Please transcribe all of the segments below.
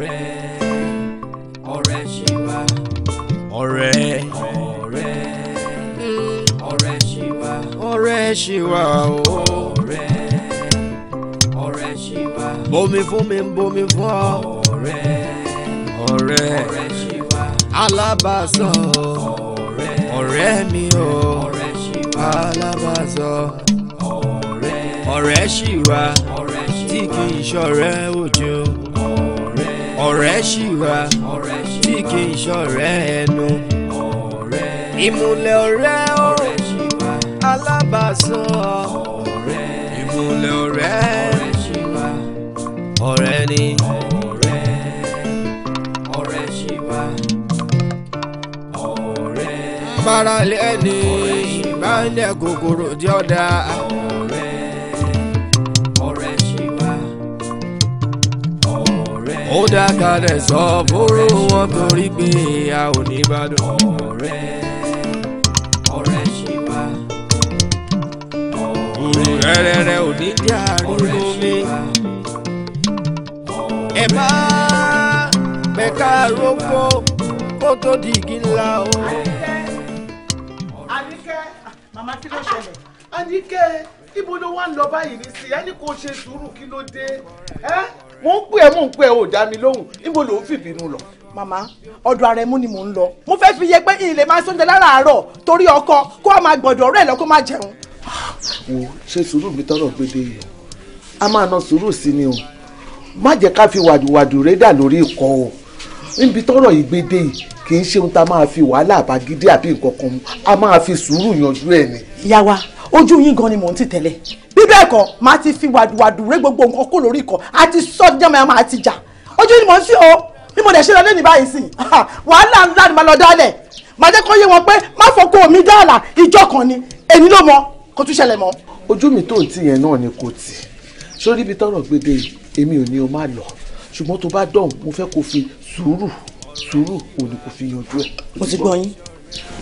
ọ̀rẹ́ ọ̀rẹ́ ṣì wà. ọ̀rẹ́ ọ̀rẹ́ mm. ọ̀rẹ́ ṣì wà. ọ̀rẹ́ ṣì wà o. ọ̀rẹ́ ọ̀rẹ́ ṣì wà. bomi fún mi bomi fún ọ. ọ̀rẹ́ ọ̀rẹ́ ọ̀rẹ́ ṣì wà. alábàásọ. ọ̀rẹ́ ọ̀rẹ́ mi o. ọ̀rẹ́ ṣì wà. alábàásọ. ọ̀rẹ́ ọ̀rẹ́ ṣì wà. ọ̀rẹ́ ṣì wà. tí kì í ṣọ̀rẹ́ òjò ọ̀rẹ́ ṣì wá bí kì í ṣọ̀rẹ́ ẹnu ìmùlẹ̀ ọ̀rẹ́ ó alábàásọ ìmùlẹ̀ ọ̀rẹ́ ọ̀rẹ́ ni. báralẹ̀ ni bá ń lẹ̀ kòkòrò tí ó dáa. ó dákàlẹ̀ sọ bóró wọn torí pé a ò ní ìbàdàn. ọ̀rẹ́ ọ̀rẹ́ ṣì bá ọ̀rẹ́ rẹ̀rẹ̀ ò ní jà nínú mi. ẹ bá pẹ̀ka roko kó tó di igi ńlá o. àníkẹ́ màmá kí ló ṣẹlẹ̀ àníkẹ́ ibo ló wà ń lọ báyìí ní sí ẹni kò ṣe sùúrù kí ló dé ẹ́. mo ń pè ẹ́ mo ń pè ẹ́ ò dá mi lóhùn níbo ló fìbínú lọ. màmá ara ẹmú ni mò ń lọ mo fẹ́ fi yẹ pé ilé máa sóúnjẹ láràárọ̀ torí ọkọ kó a máa gbọ̀dọ̀ ọ̀rẹ́ lọ kó má jẹun. wo ṣe sùúrù mi tọrọ gbede yìí a máa ná sùúrù sí ni o má jẹ́ ká fi wàdùwàdù rẹ dà lórí ikọ o níbi tọrọ ìgbede yìí kì í ṣe ohun tá a fi wàhálà àbágídé àbí nǹkan kan a máa fi sùúrù yanjú ẹ ni. wa ojú yín gan ni mò ń tì tẹ́lẹ̀ bí bẹ́ẹ̀ kọ́ máa ti fi wàdùwàdù ré gbogbo nǹkan kó lórí ikọ̀ àti sọ́jà máa máa ti jà ojú yín mò ń sí o bí mo dẹ̀ ṣe lọ lẹ́nu báyìí sí wàhálà ńlá ni màá lọ dálẹ̀ màá jẹ́ kó yé wọn pé má fọkọ mi dáàlà ìjọ kan ni èmi ló mọ kó tún ṣẹlẹ̀ mọ́. ojú mi tó ń tì yẹn náà ni kò tì sórí ibi tọrọ gbede èmi ò ní o má lọ ṣùgbọ́n tó bá dọ̀hún mo fẹ́ kó fi sùúrù sùúrù òní kò fi yanjú ẹ̀. mo ti gbọ́ yín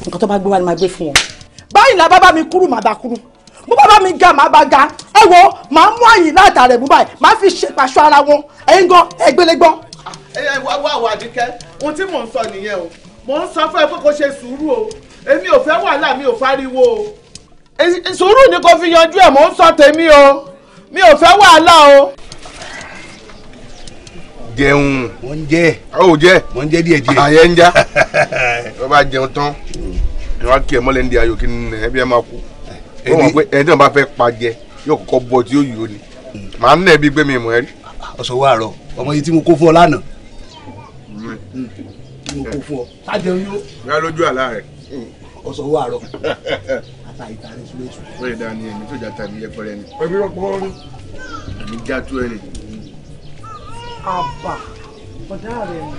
nǹkan tó bá gbé wa ni màá gbé fún wọn báyìí la bá mi kúrú màá bá kúrú mo bá mi ga màá bá ga ẹ wo màá mú àyè látàrẹ mú báyìí màá fi ṣe pàṣọ ara wọn ẹ̀yin gan ẹgbẹlẹgbọn. ẹ wá wá wá àdìkẹ́ ohun tí mò ń sọ nìyẹn o mò ń sọ fún ẹ pé kó ṣe sùúrù o èmi ò fẹ́ wàhálà mi ò fariwo o. sùúrù ni kò fi yanjú ẹ̀ mò ń sọ tèmi o mi ò fẹ́ wàhálà o jẹun. wọ́n ń jẹ. a ò jẹ. wọ́n ń jẹ díẹ̀ díẹ̀. àyẹ̀ ń já. wọ́n jẹun tán wá kí ẹ mọ́lẹ̀ ní ayò kí n nà ẹ bí ẹ máa kú ó mọ̀ pé ẹni tí wọ́n bá fẹ́ pa jẹ yóò kọ́kọ́ bọ tí ó yìí ó ni mm. màá nà ẹ bí gbé mi mọ̀ ẹ rí. ọ̀sọ̀ wo àrọ̀ ọmọ yìí tí mo kó fún ọ lánàá mm. Mm. tí mo kó fún ọ sájẹ ń yó. bí a lójú àlá rẹ. ọ̀sọ̀ wo àrọ̀ ata ìta ní súlẹ̀sù. wọ́n lè dá ní ẹni tó jà tàbí yẹpẹrẹ ni. ẹbí wọn pọ́ ọ́n já tó ẹni. àbà bọ̀dá rẹ̀ mọ̀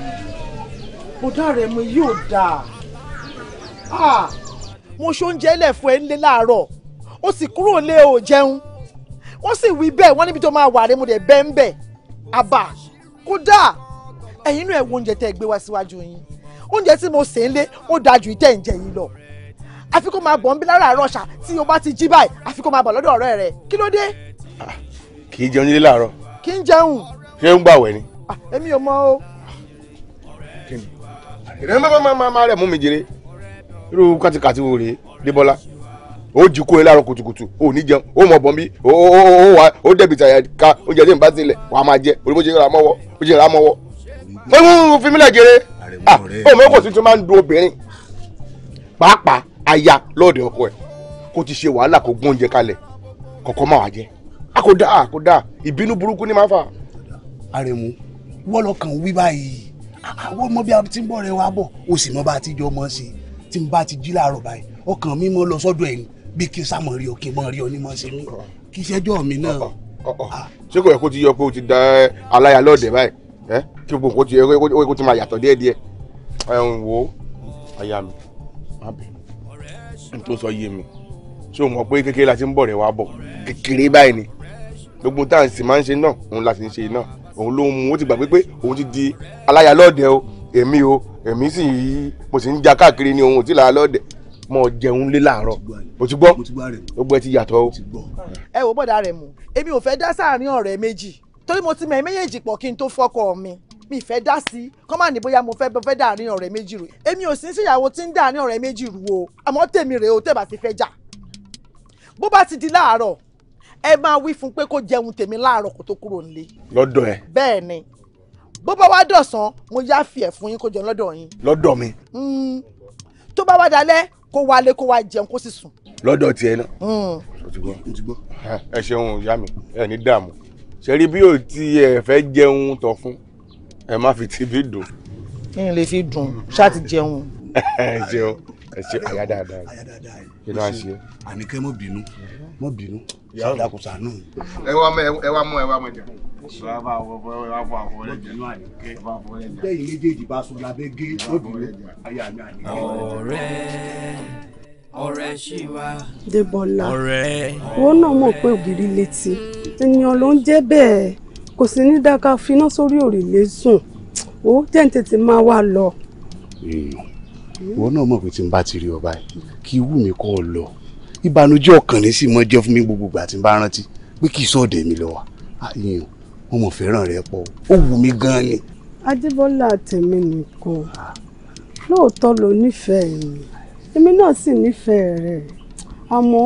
bọ̀dá rẹ̀ mọ̀ Ah. mo ṣoúnjẹ lẹ̀ fún ẹ ńlé láàárọ̀ ó sì kúrò lé o jẹun wọ́n sì wí bẹ́ẹ̀ wọ́n níbi tó máa wà rẹ mo dẹ̀ bẹ́ẹ̀ ń bẹ̀ àbà kódà ẹ̀yin inú ẹ̀ wo oúnjẹ tẹ́ ẹ gbé wá síwájú yín oúnjẹ tí mo sè ń lé ó dáa ju ìtẹ́ ìjẹ yìí lọ àfi kó máa bọ̀ ń bí láràárọ̀ ṣá tí o bá ti jí báyìí àfi kó máa bọ̀ lọ́dọ̀ ọ̀rẹ́ rẹ kí ló dé. Ah, kì í jẹun nílé láàárọ̀. kì í jẹun. ṣé ń gbàwẹ̀ ni. Ah, èmi ò mọ o. ìrẹ́mọ́ máa máa rẹ̀ mú mi jèrè irú kàtìkàtì wo rèé débọ́lá ó jí kó e láàárọ̀ kùtùkùtù ó ní jẹun ó mọ̀ bọ́n bí ó wà ó dẹ̀bi tàyà ká oúnjẹ tí n bá tilẹ̀ wàá máa jẹ orí bó ṣe ra mọ́wọ́ bó ṣe ra mọ́wọ́. ó fi mí lẹ̀ jẹrẹ ah, ó mọ̀ kò sí tí ó máa ń du obìnrin pàápàá aya lọ́ọ̀dẹ̀ ọkọ ẹ̀ kó ti ṣe wàhálà kó gbóúnjẹ kalẹ̀ kọ̀kọ́ máa wà jẹ́ a kò dáa kò dáa ìbínú burúkú ni máa fà. àrẹ̀mú wọ́lọ́kàn wí báyìí àwọn ah, ah, ọmọ bí a ti ń bọ̀ rẹ̀ wá bọ̀ o sì mọ bá a ti jọ ọmọ sí i tí n bá ti jí láàárọ̀ báyìí ọkàn mi mọ́ lọ sọ́dọ̀ ẹ̀ ni bí kí sámọ̀ rí ọ kí n mọ̀ rí ọ ní mọ̀ sí mi kí sẹ́jọ́ mi náà. Ah. ṣé kò yẹ kó ti yọ pé o ti da eh, aláya lọ́ọ̀dẹ̀ báyìí kí gbogbo kó ti yẹ kó ti máa yàtọ̀ díẹ̀díẹ̀ ẹ̀hún wo aya mi má bẹ̀ n tó sọ yé mi ṣé o mọ̀ pé kékeré la ti ń bọ̀ rẹ̀ wá bọ̀ kékeré báyìí ni gbogbo tá à ń sì máa ń ṣe náà òun la sì ń ṣe náà òun ló ń mu ó ti gbàgbé pé òun ti di aláya lọ́ọ̀dẹ̀ o èmi o èmi sì mo sì ń ja káàkiri ní ohun tí là á lọ́dẹ̀ mo jẹun lé láàárọ̀ o ti gbọ́ o gbọ́ ẹ ti yàtọ̀ o. ẹ wo bọ́dà rẹ̀ mu èmi ò fẹ́ dá sáàrin ọ̀rẹ́ méjì torí mo ti mẹ̀ méjèèjì pọ̀ kí n tó fọ́kọ mi mi fẹ́ dá sí kọ́ máa ní bóyá mo fẹ́ bọ́ fẹ́ dàárín ọ̀rẹ́ méjì rò èmi ò sí ń ṣèyàwó tí ń dàárín ọ̀rẹ́ méjì rò o àmọ́ tèmi rèé o tẹ̀bà ti fẹ́ jà bó bá ti di láàárọ̀ ẹ máa wí fún pé kó jẹun tèmi láàárọ̀ kó tó kúrò nílé. lọ́dọ̀ ẹ. bẹ́ẹ̀ ni bó bá wá dọ̀sán mo yá fi ẹ̀ fún yín kó jẹun lọ́dọ̀ yín. lọ́dọ̀ mi. Hmm. tó bá wá dalẹ̀ kó wálé kó wá jẹun kó sì sùn. lọ́dọ̀ tiẹ̀ náà. Hmm. ẹ ṣeun ìyá mi ẹ ní dààmú ṣẹ́rí bí ò ti ẹ̀ fẹ́ jẹun tọ̀ fún ẹ má fi ti bí dùn. kí ni lè fi dùn ṣáà ti jẹun. ẹ ṣeun ẹ ṣe àyà dáadáa yìí kí ló ń ṣe. àníkẹ́ mọ̀ bínú mọ bínú ìyàwó dàkú sànú. ẹ wá mọ ẹ wá mọ ẹ wá mọ jà. lẹ́yìn méjèèjì bá sọ lábẹ́ gé mọ bínú ayé àmì àná. ọ̀rẹ́ ọ̀rẹ́ ṣì wá. débọ̀lá ọ̀rẹ́. wọn náà mọ̀ pé ògiri létí ènìyàn ló ń jẹ́ bẹ́ẹ̀ kò sí ní dáká finá sórí òrìlé sùn ó jẹ́ ní tètè máa wá lọ. èèyàn wọn náà mọ̀ pé tí n bá ti rí ọba yìí kí wù mí kọ́ ọ lọ ìbànújẹ́ ọkàn ní sì mọ́ jẹ́ fún mi gbogbo ìgbà tí n bá rántí pé kì í sọ̀dẹ̀ mi lọ́wọ́ àyìn mo mọ̀ fẹ́ràn rẹ pọ̀ ó wù mí gan-an ni. Adébọ́lá tèmi nìkan lóòótọ́ ló nífẹ̀ẹ́ mi èmi náà sì nífẹ̀ẹ́ rẹ̀ àmọ́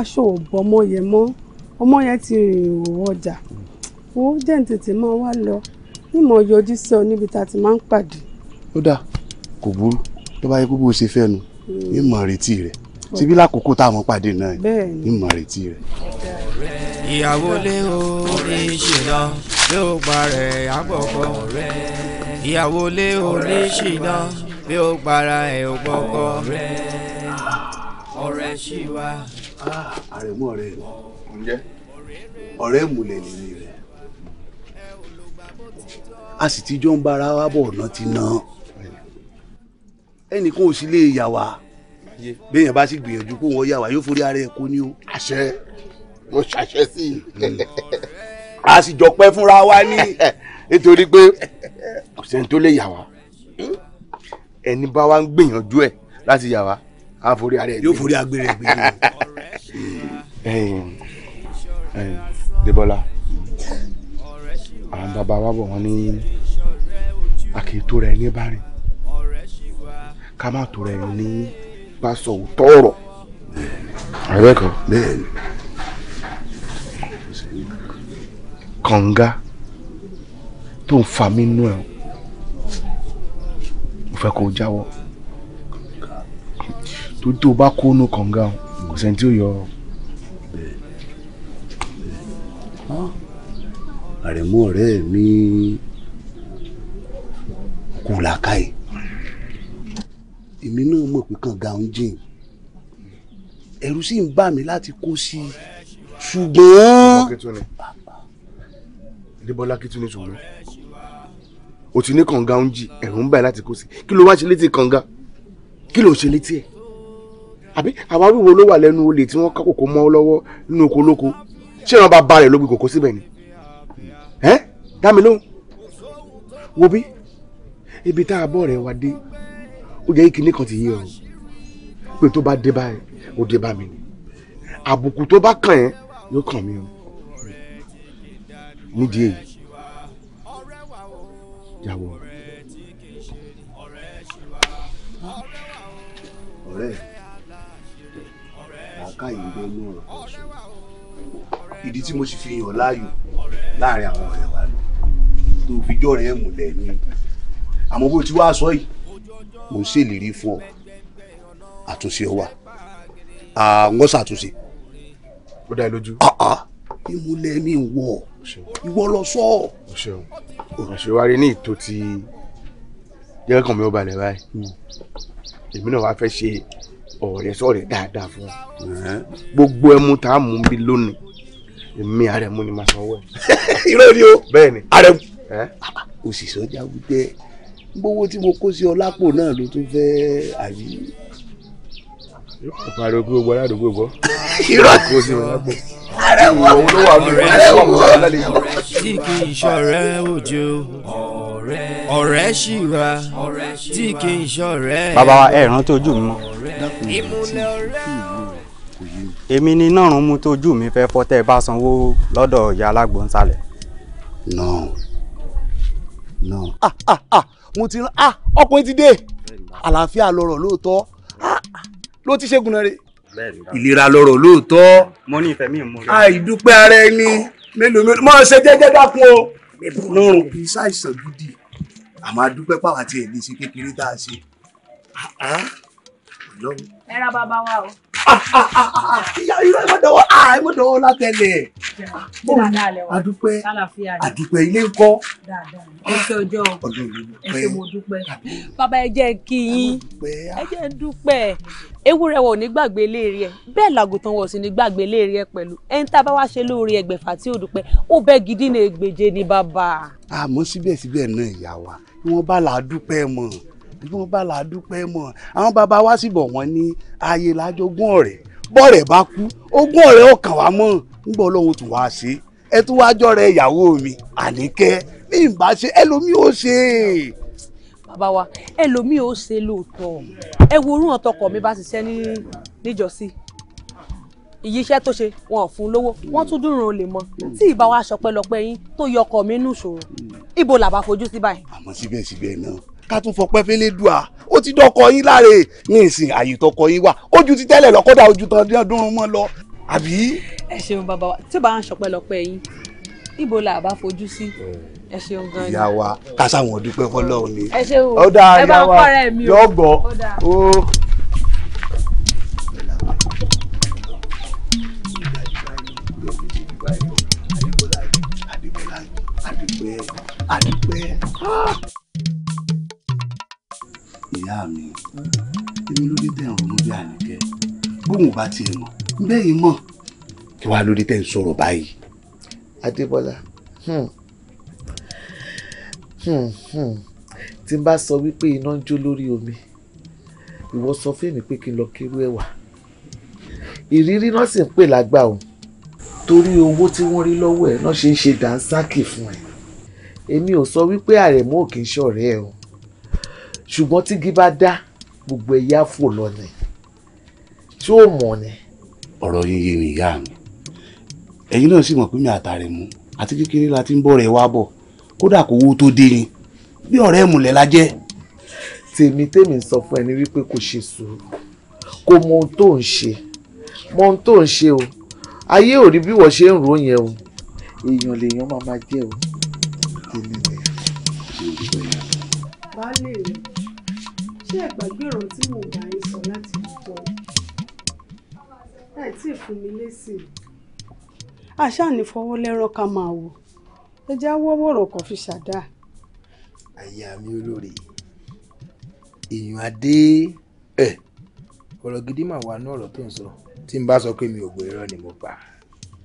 aṣọ ò bọ́ ọmọ yẹn mọ́ ọmọ yẹn ti rìn ìhòòhò ọjà ó jẹ́ ń tètè máa wá lọ nímọ̀ yọjú sí ọ níbi tá a ti máa ń pàdé. ó dà kò burú tó bá yẹ kó bó ṣe fẹ́ nu ìmọ̀ hmm. retí rẹ̀ ti bí lákòókò tá a mọ pàdé náà ní mọ retí rẹ. ìyàwó lé o ní ìṣìná bí ó parẹ́ àgbọ̀kọ ìyàwó lé o ní ìṣìná bí ó para ẹ̀ ò gbọ́kọ. ọ̀rẹ́ ṣì wá. àrẹ̀mú ọ̀rẹ́ rẹ̀ ọ̀rẹ́ ìmùlẹ̀ nìyí rẹ̀ a sì ti jọ ń bára wa bọ̀ ọ̀nà ti nà ẹnìkan ò sì lè yà wá yé béèyàn bá sì gbìyànjú kó wọ́n yà wá yóò forí ara ẹ̀ kó ní o. àṣẹ mo ṣàṣẹ sí i. Hmm. a sì jọ pẹ́ fúnra wa ní. nítorí pé kò sẹ́ni tó lè yà wá hmm. ẹni bá wa ń gbìyànjú ẹ̀ láti yà wá a forí ara ẹ̀ gbé. yóò forí agbèrè gbé. Débọ́lá àwọn bàbá wa bọ̀ wọ́n ní a rẹ̀ ní bá rìn ká má tó rẹ̀ ní bá sọ òótọ́ ọ̀rọ̀. àbẹ́kọ̀ bẹ́ẹ̀ni. kànga tó ń fa mí nú ẹ̀ mo fẹ́ kó o jáwọ́ tó tó o bá kó nú kànga o kò sẹ́ni tí ó yọ ọ. àrẹ̀mọ́ ọ̀rẹ́ mi kò làákàyè èmi náà mọ̀ pé kànga ń jìn ẹ̀rù sì ń bà mí láti kó sí i ṣùgbọ́n. adébọlá kí tún ní ṣùgbọ́n o ti ní kànga ń jì ẹ̀rù ń bà ẹ́ láti kó sí i kí ló wá ṣe létí kànga kí ló ṣe létí ẹ̀ àbí àwọn arúgbó ló wà lẹ́nu olè tí wọ́n ká mọ́ lọ́wọ́ nínú oko lóko ṣé wọn bá ba rẹ̀ ló gbé kòkó síbẹ̀ ni ẹ́ dá mi lóhùn wo bí ibi tá a bọ̀ rẹ̀ wá dé ó jẹ́ kíní kan ti yé ọ pé tó bá dé báyìí ó dé bá mi ni àbùkù tó bá kàn ẹ́ yóò kàn mí o nídìí èyí yàwó ọ̀rẹ́ làákàyè ń bẹ inú ọ̀rọ̀ kan ṣe ìdí tí mo sì fi yàn láàyò láàrin àwọn ọ̀rẹ́ wa lọ tó fi jọ́ rẹ̀ múlẹ̀ ni àmọ́ bó ti wá sọ yìí mo ń ṣèlérí fún ọ àtúnṣe ọ wà àwọn ṣàtúnṣe. ó dá ẹ lójú. Ah, ah. ìmúlẹ̀ mi wọ̀ ìwọ lọ sọ. àṣewárí ní ìtò ti jẹ́ kàn mí ó balẹ̀ báyìí hmm. èmi náà wàá fẹ́ ṣe ọ̀rẹ́ sọ̀rẹ́ dáadáa fún wa gbogbo ẹmu tá a mú bí lónìí èmi àrẹ̀mú ni màá sanwó ẹ̀. irọ́ ni o bẹ́ẹ̀ ni àrẹ̀mú. o sì sọ jáwé gbowó tí mo kó sí ọ lápò náà ló tún fẹ́ àbí. yóò pariwo pé gbogbo aládùúgbò irọ́ kò sí wọn lápò. ààrẹ wọ òun ló wọ òun lọ tí kì í ṣọ̀rẹ́ òjò ọ̀rẹ́ ṣì wá tí kì í ṣọ̀rẹ́. bàbá wa ẹ rántí ojú mi mọ́. ìmùlẹ̀ ọ̀rẹ́ èmi ni nọ́ọ̀rùn mu tójú mi fẹ́ fọ́ tẹ́ ẹ bá sanwó lọ́dọ̀ ìyá alágbóńsálẹ̀. náà náà. Ah, ah, ah mo ti rán ah ọkùnrin ti dé àlàáfíà lọ̀rọ̀ lóòótọ́ ah ló ti ṣẹ́gun náà rè. ìlera lọ̀rọ̀ lóòótọ́. mo ní ìfẹ́ mi mú rẹ. àìdúpẹ́ ara ẹni mélòó mélòó mọ̀ ṣe jẹ́jẹ́ dákun o. lọ́rùn kì í ṣàìsàn gidi àmọ́ àdúpẹ́ pàwọ́ àti ẹ̀ ní ṣe kékeré tá a ṣe. Ah, ah. ẹ ra bàbá wa o ìyá irú ẹ mọ̀dọ̀ wọ́n ẹ mọ̀dọ̀ wọ́n látẹ̀lẹ̀. adúpẹ́ adúpẹ́ ilé ńkọ́. ẹsẹ̀ ọjọ́ ẹsẹ̀ mo dúpẹ́. bàbá ẹ jẹ́ kí yín ẹ jẹ́ dúpẹ́ ewúrẹ́ wọ̀ ní gbàgbé léèrè ẹ bẹ́ẹ̀ làgùntàn wọ̀ sí ní gbàgbé léèrè ẹ pẹ̀lú ẹni tá a bá wá ṣe lóore ẹgbẹ̀fà tí ò dúpẹ́ ó bẹ́ gidi ní ègbèje ní bàbá. àmọ́ síbẹ̀síbẹ̀ náà ìyá wa wọ́n bá làá dúpẹ́ mọ́ bí wọ́n bá la dúpẹ́ mọ̀ àwọn bàbá wa sì bọ̀ wọ́n ní ayé lájogún ọ̀rẹ́ bọ́ọ̀rẹ́ bá kú ogún ọ̀rẹ́ ọkàn wa mọ̀ nígbà ọlọ́run tún wá ṣe ẹ tún wá jọ̀rẹ́ ìyàwó mi àníkẹ́ bí n bá ṣe ẹlòmíì ó ṣe bàbá wa ẹlòmíì ó ṣe lóòótọ́ ẹ wo orú ọ̀tọkọ̀ mi bá ṣiṣẹ́ ní níjọ́sí ìyí iṣẹ́ tó ṣe wọn ò fún lówó wọ́n tún dùn ràn lè mọ tí ìbá wa aṣọ pẹlọpẹ yín tó yọ ọkọ mi nù ṣòro ibo làbá fojú sí báyìí. àmọ́ síbẹ̀síbẹ̀ náà ká tún fọpẹ́ fẹ́lẹ́ dùà ó ti dọkọ yín láre ní ìsìn àyè tọkọ yín wà ojú ti tẹ́lẹ̀ lọ kódà ojú tán dúnrún mọ́ lọ àbí. ẹ ṣeun bàbá wa tí ó bá ń ṣọpẹ́lọpẹ́ yín ibo la bá fojú sí ẹ ṣeun gan ni. ìyá wa kásáwọn dúpẹ́ fọ́lọ́run ni. ẹ ṣeun ó dáa ìyá o yọgbọ ó. Adúpẹ́ Adúpẹ́ ìyá mi èmi ló dé tẹ̀yìn ronú bí àníkẹ́ bóun bá tiẹ̀ mọ̀ bẹ́ẹ̀ mọ̀ kí wàá ló dé tẹ̀yìn sọ̀rọ̀ báyìí. Adébọ́lá hmm, hmm, hmm, tí n bá sọ wípé iná ń jó lórí omi ìwọ sọ fèmí pé kí n lọ kérú ẹwà ìrírí náà sì ń pè lágbà o torí owó tí wọ́n rí lọ́wọ́ ẹ̀ náà ṣe ń ṣe dànsákì fún ẹ èmi ò sọ wípé àrẹ̀mọ́ ò kì í ṣọ̀rẹ́ ẹ o ṣùgbọ́n tígi bá dá gbogbo ẹ̀yà fò lọ ni tí ó mọ̀ ni. ọ̀rọ̀ yín yé mi ìyá mi ẹ̀yin náà sì mọ̀ pé mi àtàrẹ mú àti kékeré la ti ń bọ̀ rẹ̀ wá bọ̀ kódà kò wó tó dé ni bí ọ̀rẹ́ ìmùlẹ̀ la jẹ́. tèmi tèmi sọ fún ẹni wípé kò ṣe sùúrù kò mọ ohun tó ń ṣe mọ ohun tó ń ṣe o ayé ò rí bí wọ́n ṣe ń rò yẹn o èèyàn lèèyàn máa máa jẹ́ o tèmi nìyẹn. baálé ṣé ẹ gbàgbé ọ̀rọ̀ tí mo bá yín sọ láti pọ̀ ẹ tí ì fún mi lésì àṣà ní fọwọ́ lẹ́rán ká máa wò ẹ já wọ́wọ́ ọ̀rọ̀ kan fi ṣàdá. àyà mi olóore èèyàn adé ẹ ọ̀rọ̀ gidi mà wà ní ọ̀rọ̀ tó ń sọ tí n bá sọ pé mi ò gbọ́ irọ́ ni mo pa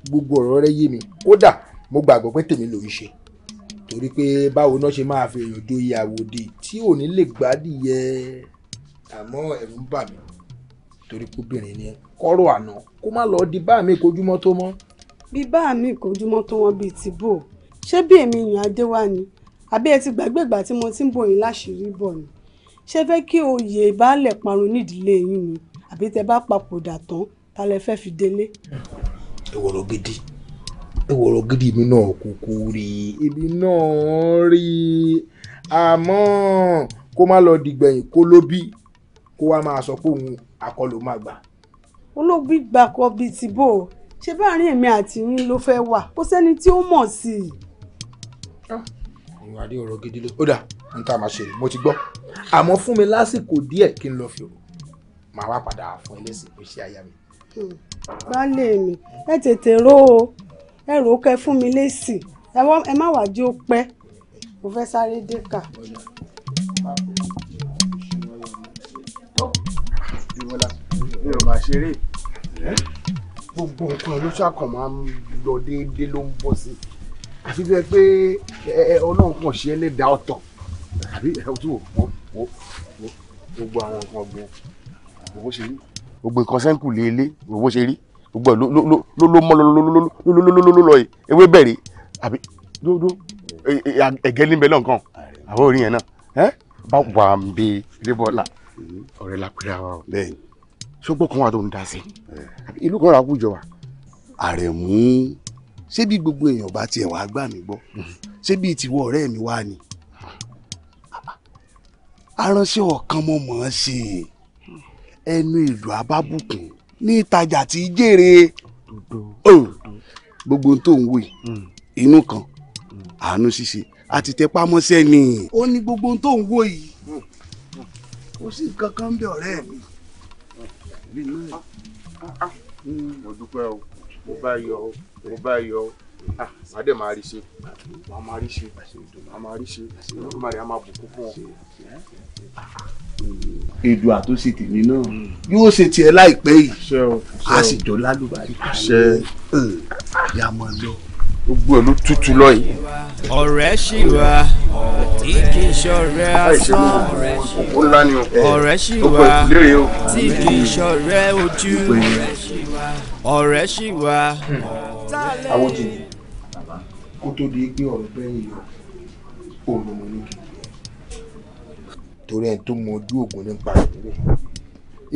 gbogbo ọ̀rọ̀ rẹ yé mi kódà mo gbàgbọ́ pé tèmi lòún ṣe torí pé báwo náà ṣe máa fi èèyàn joyè àwòdì tí ò ní lè gbádìyẹ àmọ́ ẹ̀rù ń bà mí torí kóbìnrin ni kọ́rọ̀ àná kó má lọ́ọ́ di bá mi kojúmọ́ tó mọ́. bí bá mi kojúmọ́ tó wọ́n bíi ti bò ṣé bí èmi yàn adé wá ni àbí ẹ ti gbàgbé ìgbà tí mo ti ń bò yín láṣìírí bọ̀ ni ṣé fẹ́ kí oyè ìbálẹ̀ parun nídìílé yín ni àbí tẹ bá papòdà tán ta lẹ fẹ́ fi délé. ẹ wọ̀rọ̀ gidi ìwọ̀rọ̀ gidi mi náà kúkú rí ibi náà rí àmọ́ kó má lọ dìgbẹ̀yìn kó ló bí kó wá máa sọ pé òun àkọlù máa gbà. olóògbé gbà kọ bíi ti bò ó ṣe báàrin èmi àti yín ló fẹ́ wà kó sẹ́ni tí ó mọ̀ sí i. Ah. ìwà dé ọ̀rọ̀ gidi ló ó dà n ta máa ṣe mo ti gbọ́ àmọ́ fún mi lásìkò díẹ̀ kí n lọ fi òru màá wá padà fún ẹlẹ́sìn pé ṣé aya mi. Hmm. baálé mi ẹ tètè ró o ẹ rò ó kẹ fún mi lésì ẹ má wàá jí ó pẹ́ mo fẹ́ sáré dé kà. gbogbo nǹkan ló ṣàkàn máa ń lọ déédéé ló ń bọ́ sí àfi bẹ́ẹ̀ pé ọlọ́run kàn ṣe ẹlẹ́dàá ọ̀tọ̀ àbí ẹ̀ tó wò ó gbogbo àwọn nǹkan ọ̀gbìn gbogbo ṣe rí gbogbo nǹkan sẹ́ńkù lé ilé gbogbo ṣe rí gbogbo ẹ ló ló mọ ló lọ yìí ewé bẹ̀rẹ̀ àbí dúdú ẹ̀gẹ́ níbẹ̀ náà nǹkan àwọn orin yẹn náà ẹ́ bá wà ń bi rébọ́là ọ̀rẹ́ la pèrè àwa o ṣùgbọ́n kan wà tó ń da sí ìlú kan rà kújọ wa. àrẹ̀mú ṣé bí gbogbo èèyàn bá tiẹ̀ wá gbà mí gbọ́ ṣé bí tiwọ́ ọ̀rẹ́ mi wá ni aránṣẹ́ ọ̀kan mọ̀ mọ̀ ọ́n ṣe ẹnu ìlú abábùkún ní ìtajà tí í jèrè oh, gbogbo tó ń wò inú kan àánú ṣíṣe àti tẹpámọ́sẹ́ ni. ó ní gbogbo tó ń wò yìí kò sí nǹkan kan ń bẹ ọ̀rẹ́ mi. mo dúpẹ́ o mo bá yọ o mo bá yọ o. Ah, màá dẹ̀ máa rí ṣe màá máa rí ṣe màá máa rí ṣe olódùmarè á máa bùkún fún ọ. èdò àtúnṣe tèmi náà hmm. yóò ṣe tiẹ̀ láìpẹ́ yìí a sì jọ lálùbáyé yà máa lọ gbogbo ẹ̀ ló tutù lọ yìí. ọ̀rẹ́ ṣì wá tí kì í ṣọ̀rẹ́ asán. òkú ńlá ni o. ọ̀rẹ́ ṣì wá tí kì í ṣọ̀rẹ́ ojú. ọ̀rẹ́ ṣì wá. Hmm. àwọn jìnnì kó tó di pé ọ̀rọ̀ bẹ́yìn yọ òun mo ní kí n jẹ́ torí ẹni tó mọ ojú ògùn nípa ìpínlẹ̀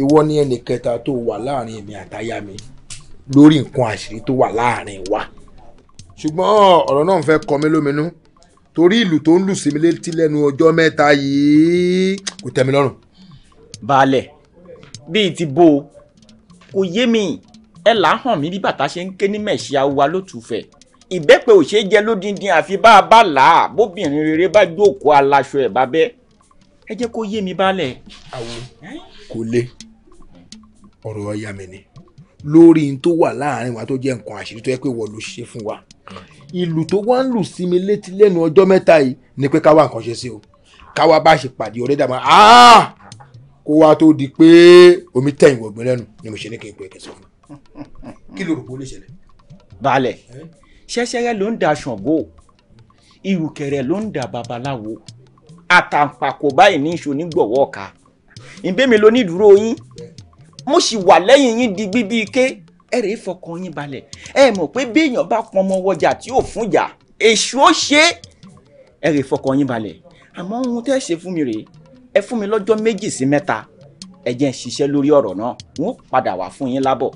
ìwọ ni ẹnì kẹta tó wà láàrin èmi àtayá mi lórí nǹkan àṣírí tó wà láàrin wa ṣùgbọ́n ọ̀rọ̀ náà ń fẹ́ kọ mí lóminú torí ìlú tó ń lù sí mi létí lẹ́nu ọjọ́ mẹ́ta yìí kò tẹ́ mi lọ́rùn. baálẹ̀ bíi ti bo kò yé mi ẹ là hàn mí bí bàtà ṣe ń ké ní mẹ̀ṣíà wa lótùfẹ́ ìbẹ́pẹ ò ṣeé jẹ lódindin àfi bá a bá là á bóbìnrin rere bá jókòó aláṣọ ẹ̀ bá bẹ́ ẹ jẹ́ kó yé mi balẹ̀. àwo kò le ọ̀rọ̀ ọ̀yà mi ni lórí n tó wà láàrin wa tó jẹ́ nǹkan àṣírí tó yẹ pé wọ́n ló ṣe fún wa ìlú tó wá ń lù sí mi létí lẹ́nu ọjọ́ mẹ́ta yìí ni pé ká nǹkan ṣe sí o ká wá bá ṣe pàdé ọ̀rẹ́dà máa áá kó wá tó di pé omi tẹ̀yìn wọ̀gbìn lẹ́nu ni mo ṣe ní kí n pè é kẹsàn-án kí ló rò pé lè ṣẹlẹ̀. balẹ̀ ṣẹ̀ṣẹ̀rẹ̀ ló ń da ṣàngó ìrùkẹ̀rẹ̀ ló ń da babaláwo àtàǹpàkò báyìí ní ìṣó nígbọ̀wọ́ ọ̀ka ìbémi ló ní ìdúró yín mo sì wà lẹ́yìn yín di gbígbí ike ẹ rèé fọkàn yín balẹ̀ ẹ mọ̀ pé béèyàn bá pọn ọmọ wọjà tí ò fún ìjà èṣù ó ṣe ẹ rèé fọkàn yín balẹ̀ àmọ́ ohun tẹ́ ṣe fún mi rèé ẹ fún mi lọ́jọ́ méjì sí mẹ́ta ẹ jẹ́ n ṣiṣẹ́ lórí ọ̀rọ̀ náà n padà wá fún yín lábọ̀.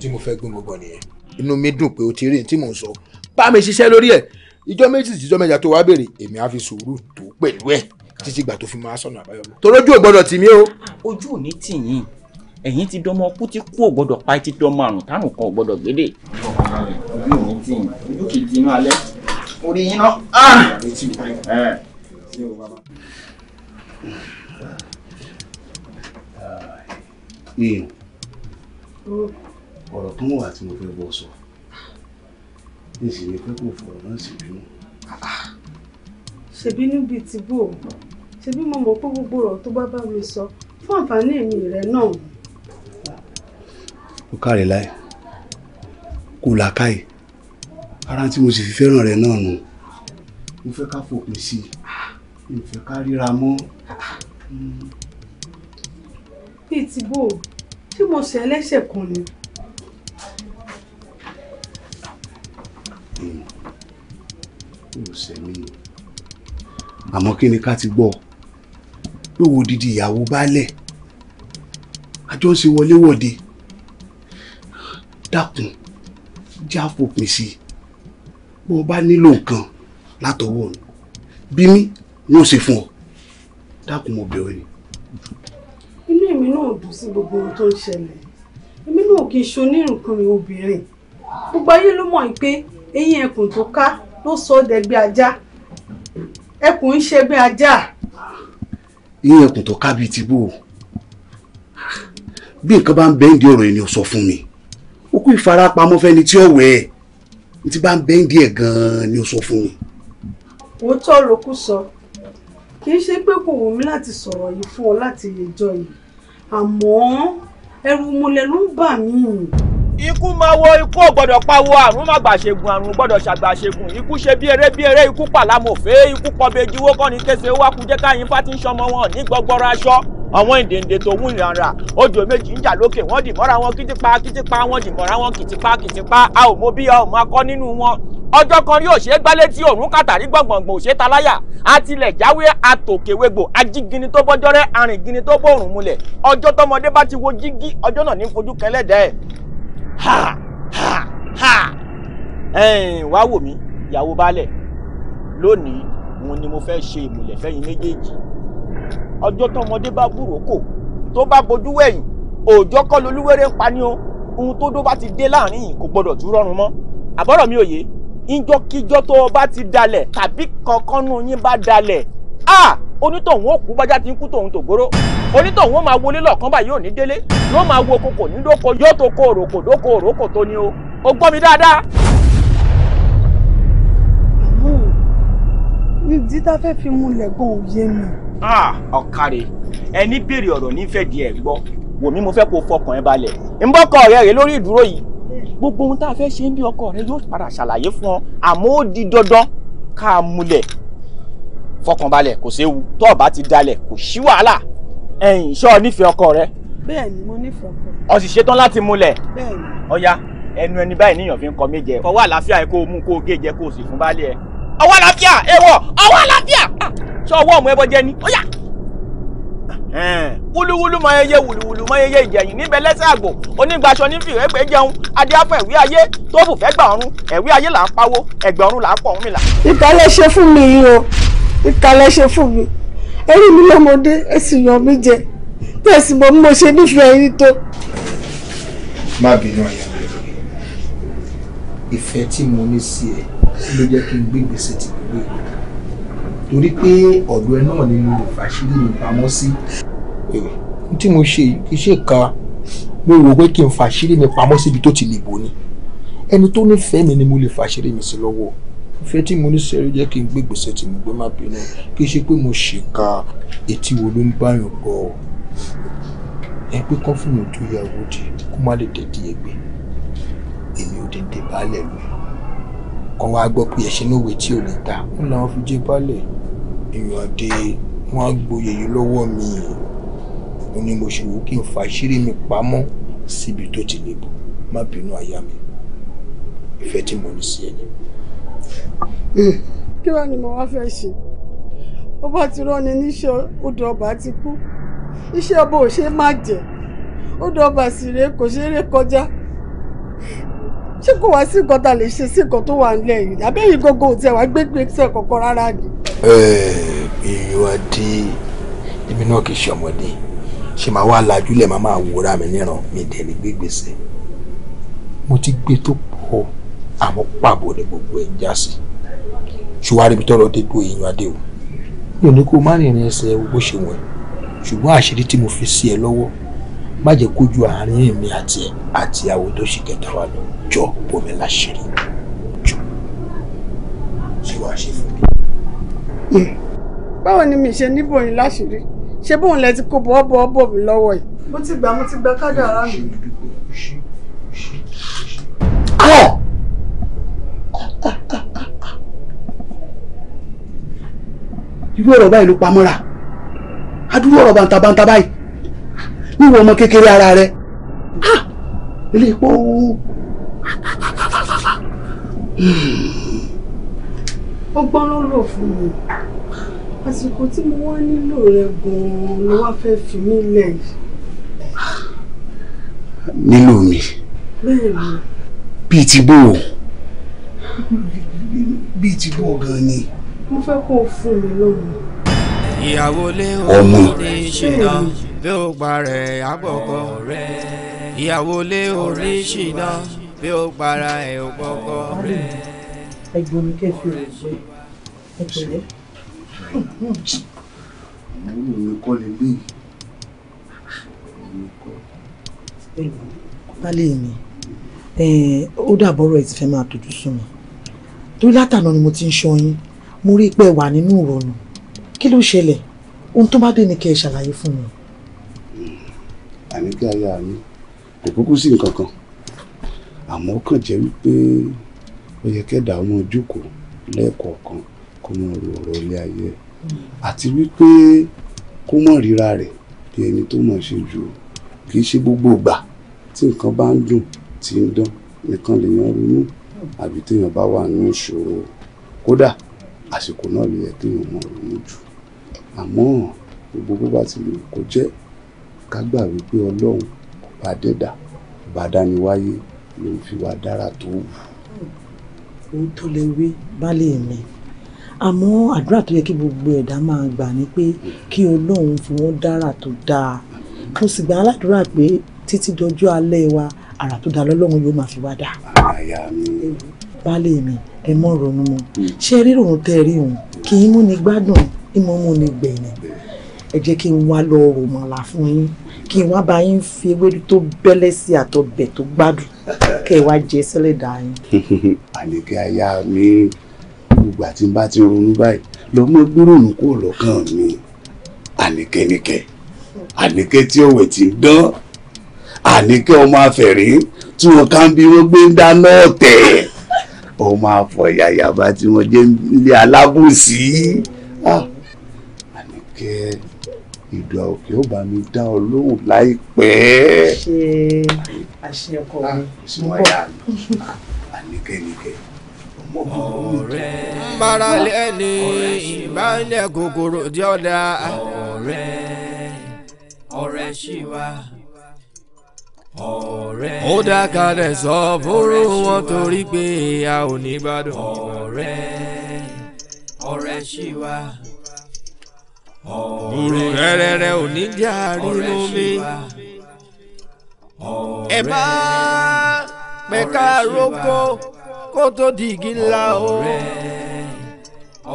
tí mo fẹ́ gbé mo nìyẹn inú mi dùn pé o ti rí ní tí mò ń sọ bá mi ṣiṣẹ́ lórí ẹ̀ ìjọ méjì ìjọ mẹ́ta tó wá béèrè èmi á fi sùúrù tó pẹ̀lú ẹ̀ títí gbà tó fi máa sọ̀nà àbáyọ lọ. torójú ò gbọ́dọ̀ tì mí o. ojú ò ní tì yín ẹ̀yin ti dọ́mọ kú tí kú ò gbọ́dọ̀ pa ti dọ́mọ àrùn tárùn kan ò gbọ́dọ̀ gbélé. ojú ò ní tì yín ojú kì í ọ̀rọ̀ kan wà tí mo fẹ́ bọ́ sọ níṣẹ́ ni pé kò fọ̀rọ̀ náà sí bínú. ṣèbí níbi tí bò ó ṣèbí mo mọ̀ pé gbogbo ọ̀rọ̀ tó bá bá mi sọ fún àǹfààní èmi rẹ̀ náà. ó káre láì kò làákàyè ara tí mo sì fi fẹ́ràn rẹ̀ náà nù mo fẹ́ ká fòpin sí i mo fẹ́ ká ríra mọ́. bíi ti bò ṣé mo ṣe kan ni. èèyàn yóò sẹ́mi ni àmọ́ kí ni ká ti gbọ́ pé wo didi ìyàwó baálẹ̀ àjọ ń ṣe wọléwọ̀de dákun já fòpin sí i bó o bá nílò nǹkan látọwọ́ mi bí mi n ó ṣe fún ọ dákun mo bẹ̀ ọ́ ni. inú èmi náà dùn sí gbogbo ohun tó ń ṣẹlẹ̀ èmi náà kì í ṣonírùnkùnrin obìnrin gbogbo ayé ló mọ̀ pé eyín ẹkùn tó ká ló sọ ọ́ dẹ̀gbẹ́ ajá ẹkùn ń ṣe bí ajá. eyín ẹkùn tó ká bíi ti bò ó bí nǹkan bá ń bẹ́ ń di ọ̀rọ̀ ẹni ò sọ fún mi ó kú ìfarapamọ́ fẹ́ni tí ọ̀wẹ́ ẹ̀ ní ti bá ń bẹ́ ń di ẹ̀ gan-an ni ó sọ fún mi. òótọ́ ọ̀rọ̀ kù sọ kì í ṣe pé kò wù mí láti sọ̀rọ̀ yìí fún ọ láti lè jọ yìí àmọ́ ẹrù múlẹ̀ ló ń bà mí yìí ikú máa wọ ikú ò gbọ́dọ̀ pawọ́ àrùn má gbàṣẹ́gun àrùn gbọ́dọ̀ ṣàgbàṣẹ́gun ikú ṣe bí eré bí eré ikú pàlámòfé ikú pọbejiwó kọ́ni kése wákú jẹ́ káyín fátí ń ṣọmọ wọn ní gbọgbọrọ aṣọ àwọn ìdèǹdè tó wù ìrànrà odò méjì ń jà lókè wọ́n dì mọ́ra wọn kìtìpá kìtìpá wọ́n dì mọ́ra wọn kìtìpá kìtìpá a ò mọ bí a ò mọ akọ nínú wọn ọjọ́ kan rí òṣèré gbálẹ̀ tí òórùn kàtàrí gbọ̀ngbọ̀ngbò òṣèré taláyà àtìlẹ̀ jáwé àtòkèwégbò ajígini tó bọ́jọ́rẹ́ arìngini tó bòrùn mulẹ̀ ọjọ́ tọmọdé bá ti wo jígí ọjọ́ náà ní fojú kẹlẹ́dẹ̀ẹ́ ha ha ha ẹ̀ẹ́n wá wò mí ìyàwó baálẹ̀ lónìí òun ni mo fẹ́ ṣe ìmùlẹ̀ fẹ́yìn méjèèjì ọjọ́ tọmọdé bá búròkò tó bá bojú wẹ̀yìn òòjọ́ kọ́ lolúwẹ́rẹ́ ń pa ni o ohun tó dó bá ti dé láàrin yìí kò gbọdọ̀ tún rọrùn mọ́ àbọ̀rọ̀ mi ò ìjọkíjọ tó o bá ti dalẹ̀ tàbí kankan nù yín bá dalẹ̀ Ah, onítọ̀hún ó kú bájá ti ń kú tòun tògbóró onítọ̀hún ó máa wọlé lọ́ọ̀kan báyìí yóò ní délé yóò máa wo kòkò ní dóko yóò tó kó òròkò dóko òròkò tó ní o o gbọ́ mi dáadáa. àmọ́ ìdí tá a fẹ́ fi múlẹ̀ gan ò yé mi. ọ̀kàrẹ̀ ẹni béèrè ọ̀rọ̀ nífẹ̀ẹ́ di ẹ̀ gbọ́ wò mí mo fẹ́ kó fọkàn ẹ balẹ̀ ń bọ́kọ̀ ọ̀rẹ́ rẹ lórí ìdúró yìí gbogbo ohun tá a fẹ́ ṣe ń bí ọkọ rẹ yóò padà ṣàlàyé fún ọ àmọ́ ó di dandan ká a múlẹ̀ fọkànbalẹ̀ kò séwu tó o bá ti dalẹ̀ kò sí wàhálà ẹ̀yìn ṣọ́ ọ nífẹ̀ẹ́ ọkọ rẹ. bẹ́ẹ̀ni mo nífẹ̀ẹ́ ọkọ. o sì ṣetán láti múlẹ̀. bẹ́ẹ̀ni. ọya ẹnu ẹni báyìí níyàn fi ń kọ méje fọwọ́ àlàáfíà ẹ kó o mú kó o géje kó o sì fún baálé ẹ. ọwọ́ àlàáfíà ewọ ọwọ́ àlàáfíà ah, ṣọ ọwọ́ ọmọ ẹbọ jẹ ni ọya. wúlúwúlú mọ ẹyẹ wùlùwùlù mọ ẹyẹ ìjẹyìn níbẹ̀ lẹ́sẹ̀ àgbò onígbàṣọ nífìwé pé jẹun adíáfọ̀ ẹ̀wí ayé tó bùfẹ́ gbà ọ̀run ẹ̀wí ayé là ń pawó ẹ̀gbẹ̀rún là ń pọ̀ ọ̀run mi là. ìtọ́lẹ̀ ṣe fún mi yìí o ìkàlẹ̀ ṣe fún mi ẹ̀rí mi lọ́mọdé ẹ sì yàn mí jẹ bẹ́ẹ̀ sì mọ̀ bí mo ṣe nífẹ̀ẹ́ yín tó. má bínú àyà rẹ ìfẹ́ tí mo ní sí ẹ ló jẹ́ kí n gbé ìgbésẹ̀ tí mo gbé torí pé ọ̀dọ̀ ẹ náà ni mo lè fàṣírí mi pamọ́ sí. tí mo ṣe iṣẹ́ kan mo rò pé kí n fàṣírí mi pamọ́ síbi tó ti lè bò ni ẹni tó nífẹ̀ẹ́ mi ni mo lè fàṣírí mi sí lọ́wọ́ ìfẹ́ tí mo ní sẹ́rí jẹ́ kí n gbé gbèsè tí mo gbé má bínú kí n ṣe pé mo ṣèkà etí wo ló ń báyàn gbọ́ ọ ẹ pé kán fún mi tó yàwó di kó má lè dẹ̀ di ẹgbẹ́ èmi ò dédé baálẹ̀ lù kàn wá gbọ́ pé ẹ̀ṣẹ̀ náà wé tí ò lè ta wọn làwọn fi jẹ́ baálẹ̀ èèyàn àdé wọn á gboyè yìí lọ́wọ́ mi ò ní mo ṣe wò kí n fa ìṣírí mi pamọ́ síbi tó ti lè bọ̀ má bínú àyà mi ìfẹ́ tí mo ní sí ẹ̀yìn. Eh. kí wàá ni mo wá fẹ́ ṣe ó bá ti rán ni níṣẹ́ odò ọba ti kú iṣẹ́ ọba ò ṣe má jẹ́ odò ọba sì rèé kò ṣe eré kọjá ṣé kò wá sí nǹkan tá a lè ṣe sí nǹkan tó wà nílẹ̀ yìí àbẹ́yìn gbogbo ò tiẹ̀ wá gbégbé sẹ̀ kọ̀ọ̀kan rárá ni. èèyàn wa dé èmi náà kì í ṣe ṣe máa wá lajúlẹ̀ máa máa wòrà mi níran mi dẹ̀ ní gbégbèsè mo ti gbé tó pọ̀ àmọ́ pàbó ni gbogbo ẹ̀ ń já sí ṣùwárí bí tọ́lọ́ dé tó èèyàn adé o mi ò ní kó má rìnrìn ẹsẹ̀ owó ṣe wọ̀n ṣùgbọ́n àṣírí tí mo fi sí ẹ lọ́wọ́ má jẹ́ kó ju àárín mi àti ẹ àti àwọn tó ṣe kẹta wa lọ jọ bomi láṣìírí jù ṣé wàá ṣe fún mi. Hmm. báwo ni mi ṣe níbò yín láṣìírí ṣé bóun lẹ ti kó bọ́ọ̀bọ̀ọ̀bọ̀ mi lọ́wọ́ yìí. mo ti gbà mo ti gbà kádàrá mi. irú ọ̀rọ̀ báyìí ló pamọ́ra adúrú ọ̀rọ̀ bàǹtàbàǹtà báyìí níwọ̀ ọmọ kékeré ara rẹ̀ ilé ipò ọgbọ́n ló lò fún mi àsìkò tí mo wá nílò rẹ gan-an ló wá fẹ́ fi mí lẹ̀ nílò mi bíi ti bó bíi ti bó gan-an ni mo fẹ́ kó o fún mi lómi. ìyàwó lé omi ṣìnà bí ó parẹ́ àgbọ̀kọ rẹ̀ ìyàwó lé orí ṣìnà bí ó para ẹ̀ ògbọ̀kọ rẹ̀. ẹ̀gbọ́n mi kẹfì rẹ jẹ ẹ pẹ̀lẹ́. mo ní kọ́ lè lé lálẹ́ mi ó dàbọ̀rọ̀ ẹ̀ ti fẹ́ máa dojú sùn mi torí látàná ni mo ti ń ṣọyín mo rí i pé ẹ wà nínú ìrònú kí ló ṣẹlẹ̀ ohun tó bá dé ni kẹ ẹ ṣàlàyé fún mi. àníkẹ́ aya mi kò kúkú sí nǹkan kan àmọ́ ó kàn jẹ́ wípé ó yẹ kẹ́dà ọmọ ojúkòó lẹ́ẹ̀kọ̀ọ̀kan kó mọ ro ọ̀rọ̀ ilé ayé ẹ̀ àti wípé kó mọ̀ ríra rẹ̀ bí ẹni tó mọ̀ ṣe jù kì í ṣe gbogbo ìgbà tí nǹkan bá ń dùn tí ń dán nìkan lèèyàn ronú àbí téèyàn bá wà ní ìṣòro kódà àsìkò náà ló yẹ kéèyàn mọ ronú jù àmọ́ gbogbo bó bá ti lè kó jẹ́ ká gbà wípé ọlọ́run ọba dẹ́dà ọba dániwáyé ló ń fi wá dára tó wù. òótọ́ lè wí baálé mi àmọ́ àdúrà tó yẹ kí gbogbo ẹ̀dá máa gbà ni pé kí ọlọ́run fi wọ́n dára tó dáa mo sì gbà aládùúrà pé títí dọjọ́ alẹ́ wa àrà tó dáa lọ́lọ́run yóò máa fi wá dà. àyà mi baálé mi ẹ mọ̀ ronú mọ́ mm. ṣé rírun tẹ́ rí òun kì í múni gbádùn ní mo múni gbẹ̀yìn ẹ jẹ́ kí n wá lọ rò mọ́lá fún yín kí n wá bá yín fi ewédú tó bẹ́lẹ́ sí àtọbẹ̀ tó gbádùn kẹ́ ẹ wá jẹ sẹ́lẹ̀dà yín. àníkẹ́ aya mi gbogbo àti bá ti ronú báyìí lọ́mọ gbúròmù kò lọ́kàn mi àníkẹ́ níkẹ́ àníkẹ́ tí òwe ti dán àníkẹ́ ọmọ afẹ́rí tí wọn kàn bí wọ́n gbé ń dáná ọ̀tẹ̀ ọmọ àfọ yàyàbá tí wọ́n jẹ́ ilé alábòsí ah, àníkẹ́ ìdù òkè ó bá mi dá ọ lóhùn láìpẹ́. ṣe àṣẹ ọkọ mi ń ah, bọ̀ àníkẹ́ nìkẹ́ ọ̀rẹ́ mbaralẹ ni ìbálẹ kòkòrò tí ó dáa. ṣì wá ó dákalẹ̀ sọ fóró wọn torí pé a ò ní gbádùn. ọ̀rẹ́ ọ̀rẹ́ ṣì wá. gbùrù rẹ́rẹ́rẹ́ ò ní jẹ́ àrínú mi. ẹ bá pẹ̀ka roko kó tó dìgí ńlá o. ọ̀rẹ́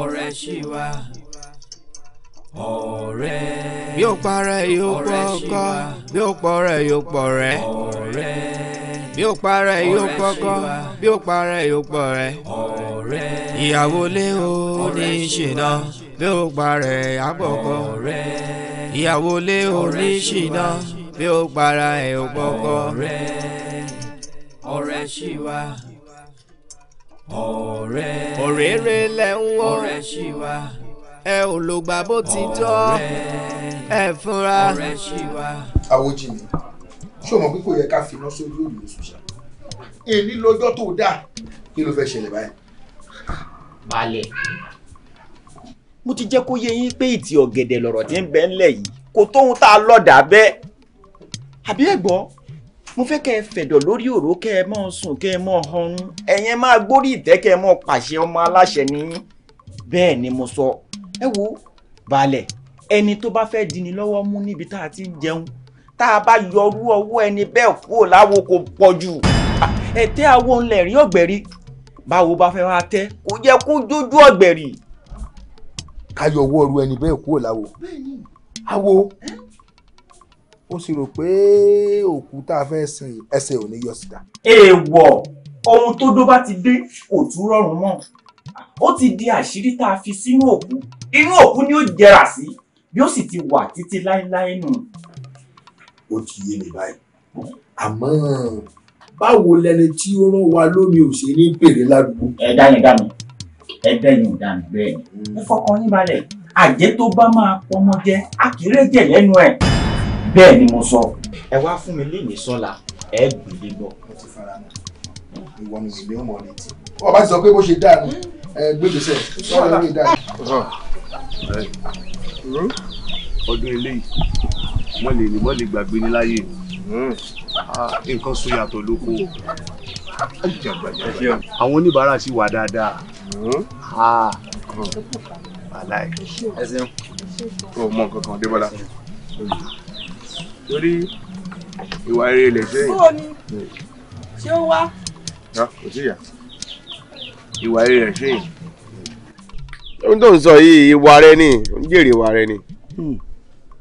ọ̀rẹ́ ṣì wá ọ̀rẹ́ bí ó parẹ́ yóò pọ̀ ọkọ bí ó pọ̀rẹ́ yóò pọ̀rẹ́ ọ̀rẹ́ bí ó parẹ́ yóò pọ̀ ọkọ bí ó parẹ́ yóò pọ̀rẹ́ ọ̀rẹ́ ìyàwó lé o ní ṣìnà bí ó parẹ́ àpọ̀kọ ọ̀rẹ́ ìyàwó lé o ní ṣìnà bí ó parẹ́ yóò pọ̀ ọkọ ọ̀rẹ́ ọ̀rẹ́ ṣì wá ọ̀rẹ́ ọ̀rẹ́ rẹ̀ lẹ́wọ̀n ọ̀rẹ́ ṣì wá ẹ ò lò gbà bó ti tọ́ ẹ fúnra. àwòjì mi ṣé o mọ̀ pé kò yẹ ká finá sórí òòlù oṣù ṣá èyí lọ́jọ́ tó dáa kí ló fẹ́ ṣẹlẹ̀ báyìí. balẹ̀. mo ti jẹ́ kó yé yín pé ìtì ọ̀gẹ̀dẹ̀ lọ̀rọ̀ tí ń bẹ ńlẹ̀ yìí kò tóhun tá a lọ́dàá bẹ́ẹ̀ àbí ẹ̀gbọ́n mo fẹ́ kẹ́ ẹ fẹ̀dọ̀ lórí ọ̀rọ̀ kẹ́ ẹ mọ́ sùn kẹ́ ẹ mọ́ ọ̀hún ẹ̀yẹn máa gbórí ìtẹ́ mọ́ pàṣẹ ọmọ aláṣẹ nìyí bẹ́ẹ̀ ni mo sọ ẹ wo baálẹ̀ ẹni tó bá fẹ́ dini lọ́wọ́ mú níbi tá a ti ń jẹun tá a bá yọrú ọwọ́ ẹni bẹ́ẹ̀ kúrò láwo kò pọ̀ jù ẹ̀tẹ́ awo ńlẹ̀ rí ọ̀gbẹ̀rì báwo bá fẹ́ wá tẹ́ kò yẹ kó jójú ọ̀gbẹ̀rì. ká yọ ọwọ́ ọrú ẹni bẹ́ẹ̀ kúrò láwo awo ó sì rò pé òkú tá a fẹ́ sin ẹsẹ̀ ò ní yọ síta. èèwọ̀ ohun tó dó bá ti dé kò tún rọrùn mọ́ ó ti di àṣírí tá a fi sínú òkú inú òkú ni ó jẹrà sí bí ó sì ti wà títí láéláé nù. ó ti yé mi báyìí àmọ́ báwo lẹni tí ó rán wa lómi ò ṣe ní bèrè ládùúgbò. ẹ dáyìn dá mi ẹ dẹyìn dá mi bẹ́ẹ̀ ẹ fọkàn yín balẹ̀ àjẹ́ tó bá máa pọmọ jẹ àkèrè jẹ lẹ́nu ẹ̀ bẹ́ẹ̀ ni mo sọ. ẹ wá fún mi léèmí sọ́la ẹ gbèlè e gbọ́. mo ti fara mọ́ ìwọ ni ìgbé ọmọ létí. ọba ti sọ pé bó ṣe dáa ni gbèdéṣẹ sọ́la ló ń dáa ọdún eléyìí wọ́n lè ní wọ́n lè gbàgbé ní láyé hmm. ah, nǹkan sún yàtọ̀ lóko àwọn oníbàárà sì wà dáadáa hmm. Ah. Hmm. aláì ẹ ṣeun o mọ nǹkan kan débọlá torí ìwà eré ilẹ̀ sẹ́yìn. fún omi ṣé ó wá. Ah, kò sí ìyá ìwà eré rẹ̀ sẹ́yìn ohun tó ń sọ yìí ìwà rẹ ni ń jèrè ìwà rẹ ni hmm.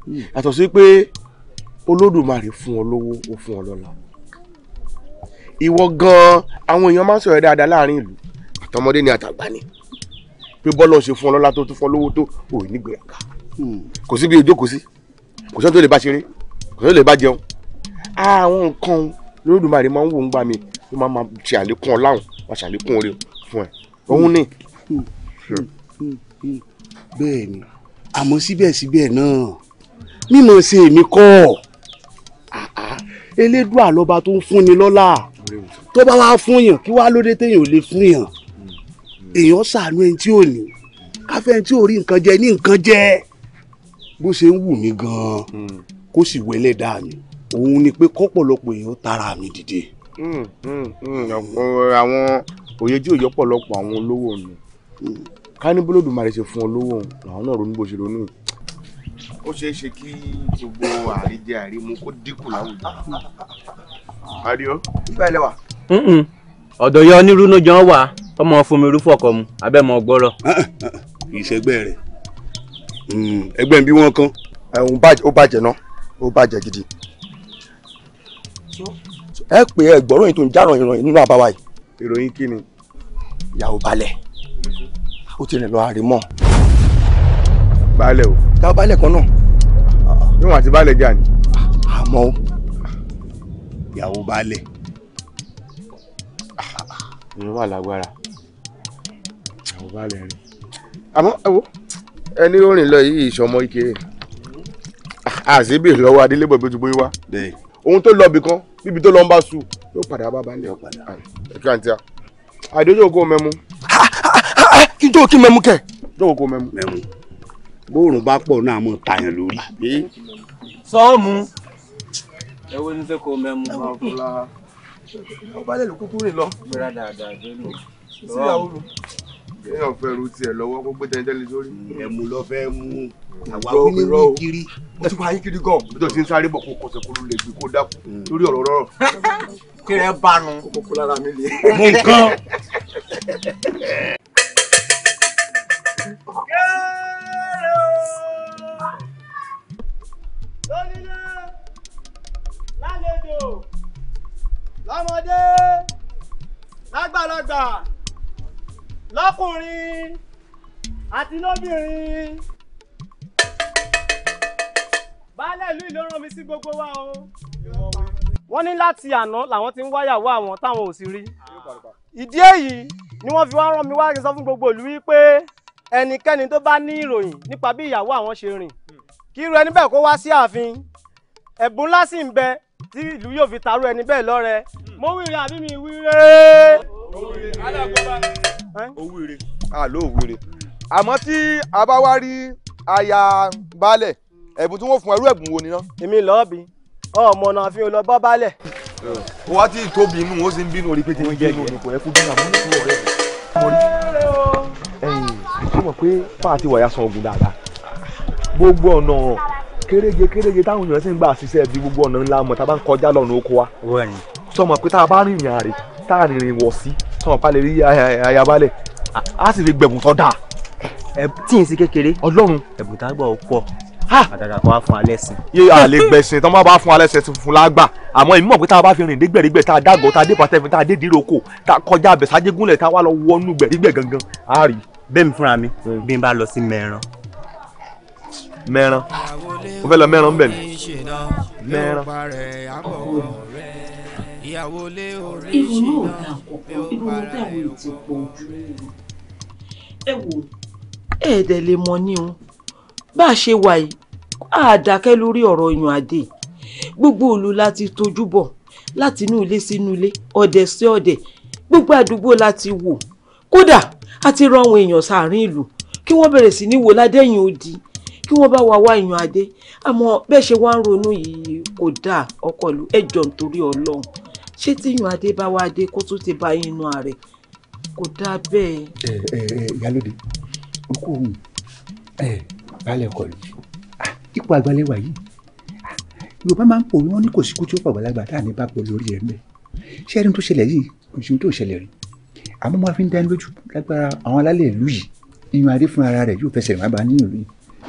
Hmm. yàtọ̀ sí pé olódùmarè fún ọ lówó ó fún ọ lọ́lá ìwọ gan-an àwọn èèyàn máa ń sọ̀rọ̀ dáadáa láàrin ìlú àtọmọdé ni àtàgbà ni pé bọ́lọ̀ ṣe fún ọ lọ́lá tó tún fún ọ lówó tó ò ní gbéraga hmm. kò sí bí ojú kò sí kò sọ́n tó lè bá ṣeré kò sọ́n tó lè bá jẹun àwọn nǹkan olódùmarè máa ń wò ń gbà mí ó máa ṣàlékún ọ láwọn máa ṣàlékún oore fún ẹ òun ni bẹ́ẹ̀ ni àmọ́ síbẹ̀síbẹ̀ náà mímọ ṣe èmi kọ́ elédùà lọ́ba tó ń fúnni lọ́lá tó bá wá fún yàn kí wá lóde téèyàn ò lè fún yàn èèyàn ṣàánú ẹni tí ò ní káfẹ́ ẹni tí ò rí nǹkan jẹ ní nǹkan jẹ bó ṣe ń wù mí gan-an kó sì wẹlé dá mi òun ni pé kọ́pọ̀lọpọ̀ èèyàn tara mi dìde. Hmm, hmm, hmm. àwọn òye tí ò yọpọlọpọ àwọn olówó mi ká ní bólódù máa ṣe fún ọ lówó làwọn náà ronú bó ṣe ronú yìí. ó ṣeé ṣe kí gbogbo àríjẹ àrímu kó dínkù láwùjọ. adio. ibà ilẹ̀ wa. ọ̀dọ̀ yọ onírúurú jọ wà ọmọ fomiru fọkọ mu abẹ́ mọ gbọ́rọ̀. ìṣègbè rẹ̀ mm, ẹgbẹ́ bí wọ́n kan. ó bàjẹ́ náà ó bàjẹ́ gidi. ẹ pé ẹgbọ́ròyìn tó ń járàn ìròyìn nínú àbáwá yìí. ìròyìn kí ni. ìyàwó balẹ̀ ó ti rìn lọ àrèmọ. baálẹ̀ o. ta baálẹ̀ kan náà. níwọ̀n àti baálẹ̀ jà ni. àmọ́ o ìyàwó baálẹ̀. ìyẹn wà lágbára. ìyàwó baálẹ̀ rẹ̀. àmọ́ ẹ wo ẹni ó rìn lọ yìí ìṣọmọ ike àṣìbì lọ́wọ́ adélébọ̀ bí ojúbọ wá ohun tó lọ bìkan bíbi tó lọ ń bá sùn yóò padà bá balẹ̀. ẹ kí àǹtí a àdéjọ́ mẹ́mu njó kí mẹ́mú kẹ̀. jọ̀wọ́ kó mẹ́mú. mẹ́mú bóòrùn bá pọ̀ náà mo ta yẹn lórí. sọ́ọ̀mù ẹ wo ní fẹ́ kó mẹ́mú. ọba lẹ́nu kúkú rè lọ. gbéra dáadáa dé lò. sí àwòrán èèyàn fẹ́ ru tiẹ̀ lọ́wọ́ gbogbo tẹ́ntẹ́lẹ́ sórí. ẹ̀mú lọ fẹ́ mú àwa wílé wí kiri. mo ti wá yín kiri gan bí tó ti ń sáré bọ̀ kó kọsẹ̀ kó ló lè gbé kó dákú mm. lórí ọ̀rọ̀ rọ̀rọ̀. kí ẹ bá nu. kókó lára mi lè. mo nǹkan. lọ́mọdé lágbàlagbà lọ́kùnrin àti lóbìnrin baálẹ̀ ìlú Ìlọrin rán mi sí gbogbo wa o. wọ́n ní láti àná làwọn ti ń wáyàwó àwọn táwọn ò sì rí ìdí èyí ni wọ́n fi wá rán mi wá sọ fún gbogbo ìlú wípé ẹnikẹ́ni tó bá ní ìròyìn nípa bí ìyàwó àwọn ṣe rìn kí irú ẹni bẹ́ẹ̀ kó wá sí ààfin ẹ̀bùn ńlá sì ń bẹ tí ìlú yóò fi tarú ẹni bẹ́ẹ̀ lọ́rẹ. Hmm. mo wíire àbí mi wíire. owíire àlọ́ òwúre àmọ́ tí a bá wá rí aya baálẹ̀ ẹ̀bùn tí wọ́n fún ẹrú ẹ̀bùn wo nìyẹn. èmi lọ́ọ́ bí ọmọ náà fi lọ bá baálẹ̀. wá tí tóbi inú wọn sì ń bínú orí pété ń bínú orí kò yẹ kó bínú àmọ́ nípò ọ̀rẹ́ ẹ̀yìn ṣé mọ̀ pé fáà ti wọ̀ ya sọ ogun dáadáa gbogbo ọ̀nà kéréje kéréje táwọn èèyàn sì ń gbà ṣiṣẹ́ bí gbogbo ọ̀nà ńlá mọ̀ tá a bá ń kọjá lọ́nà oko wa. sọmọ pé tá a bá rìnrìn àrè tá a rìnrìn wọ̀ sí sọmọ pa lè rí ayabalẹ̀ a sì fi gbẹ̀bùn tó dáa. ẹ tí n sí kékeré ọlọ́run ẹ̀bùn tá a gbà ó pọ̀ àdàdà kan á fún alẹ́ sìn. yé àlè gbẹ̀sìn tán bá bá fún alẹ́ sìn fún lágbà àmọ́ èmi mọ̀ pé tá a bá fi rìn dé tá a dàgọ̀ tá a dé pàtẹ́fin tá a dé díroko tá a kọjá abẹ̀sájégúnlẹ̀ tá a wá lọ wọnú gbẹ̀rígbẹ̀ gangan. a rí bẹ́ẹ̀ mi fúnra mi bí n bá lọ sí mẹ́ran mẹ́ran mo fẹ́ lọ mẹ́ran bẹ̀ ni mẹ́ran. ìrònú ò dáa kọ̀ọ̀kan ìrònú táwọn èèyàn ti pọ̀ jù ẹ wò ẹ dẹ̀ lè mọ ní o bá a ṣe wà yìí a dákẹ́ lórí ọ̀rọ̀ yan adé gbogbo òlu láti tójú bọ̀ láti inú ilé sínú ilé ọ̀dẹ̀ sí ọ̀dẹ̀ gbogbo àdúgbò láti wò kódà a ti rán àwọn èèyàn sàárín ìlú kí wọ́n bẹ̀rẹ̀ sí ní wò ládẹ́yìn odi kí wọ́n bá wa wá ìyàn adé àmọ́ bẹ́ẹ̀ ṣe wá ń ronú yìí kò dáa ọkọ ìlú ẹjọ́ nítorí ọlọ́run ṣé tí ìyàn adé bá wá adé kó tún ti ba inú ààrẹ kò dáa bẹ́ẹ̀. ẹ ẹ ẹ ìyálóde okú òun ẹ balẹ̀ ọkọ ìlú ipò àgbàlẹ̀ wà yìí yorùbá máa ń pò wọ́n ní kò sí kú tí ó pọ̀ gbàlagbà tá à ní bá pọ̀ lórí ẹ̀ mẹ́ ṣé ẹni tó ṣẹlẹ̀ yìí kò sí ohun tó ṣẹlẹ̀ rí àmọ́ máa fi ń dání lójú lágbára àwọn alálẹ̀ ìlú yìí ìyàn adé fúnra rẹ̀ yóò fẹsẹ̀ rìn wá bá nínú ìlú yìí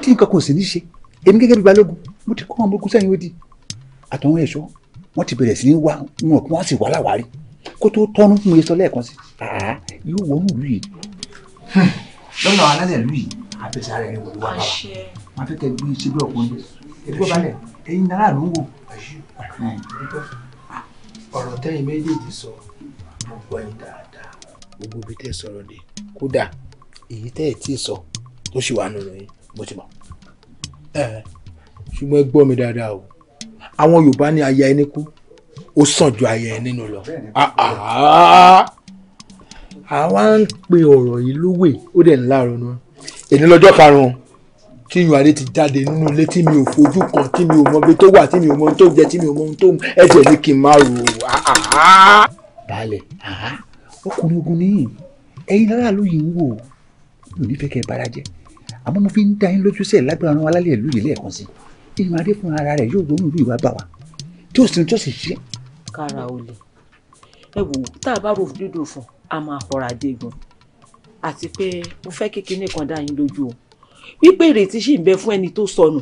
tí nǹkan kò sì ní ṣe èmi gẹ́gẹ́ bí balógun mo ti kọ́ àwọn ọmọ ogun sẹ́yìn odi àtàwọn ẹ̀ṣọ́ wọ́n ti bẹ̀rẹ̀ sí ní wá wọn kí wọ́n sì wá láwárí kó tó tọ́nu fún mi sọ lẹ́ẹ̀kan sí àá yóò wọ́n lù yìí. lọ́nà alálẹ̀ lù yìí àbẹ̀sẹ̀ ara ẹni wọ̀lú wa bá wọn fẹ́ kẹ́ gbé ṣe bí ọkùnrin ẹ̀dúgbò balẹ̀ ẹ̀yin náírà ló ń wò. ọ̀rọ̀ tẹ́yìn méjèèjì sọ mo gbọ́ dáadáa gbogbo ibi tẹ́ sọ̀rọ̀ ni kódà èyí tẹ́ ẹ̀ tí ì sọ tó ṣì wà nínú yín mo ti mọ̀ ṣùgbọ́n ẹ gbọ́ mi dáadáa o àwọn Yorùbá ní aya ẹni kú ó sàn ju aya ẹni nù lọ àwa ń pe ọ̀rọ̀ yìí lówè ó dẹ̀ ńlá ronú èyí lọ́jọ́ karùn-ún tí yun adé ti jáde nínú ilé tí mi ò fojú kan tí mi ò mọ ibi tó wà tí mi ò mọ ohun tó jẹ tí mi ò mọ ohun tó mu ẹ̀jẹ̀ ní kí n má rò ó. balẹ̀ ọkùnrin ogun nìyí ẹ̀yin lára ló yìí ń wò ò ní fẹ́ kẹ́ ẹ bára jẹ́ àmọ́ mo fi ń dá yín lójú sẹ́ẹ̀ lágbára wọn alálẹ̀ ìlú yìí lẹ́ẹ̀kan sí ìrìn adé fún ara rẹ̀ yóò ronú ìlú ìwà bá wa tí ó sì tí ó sì ṣe. kára o lè ẹ wò tá a bá rò dídùn fún a máa fọra dégun àti pé mo fẹ́ kí kinní kan dá yín lójú o wípé ìrètí sì ń bẹ fún ẹni tó sọnù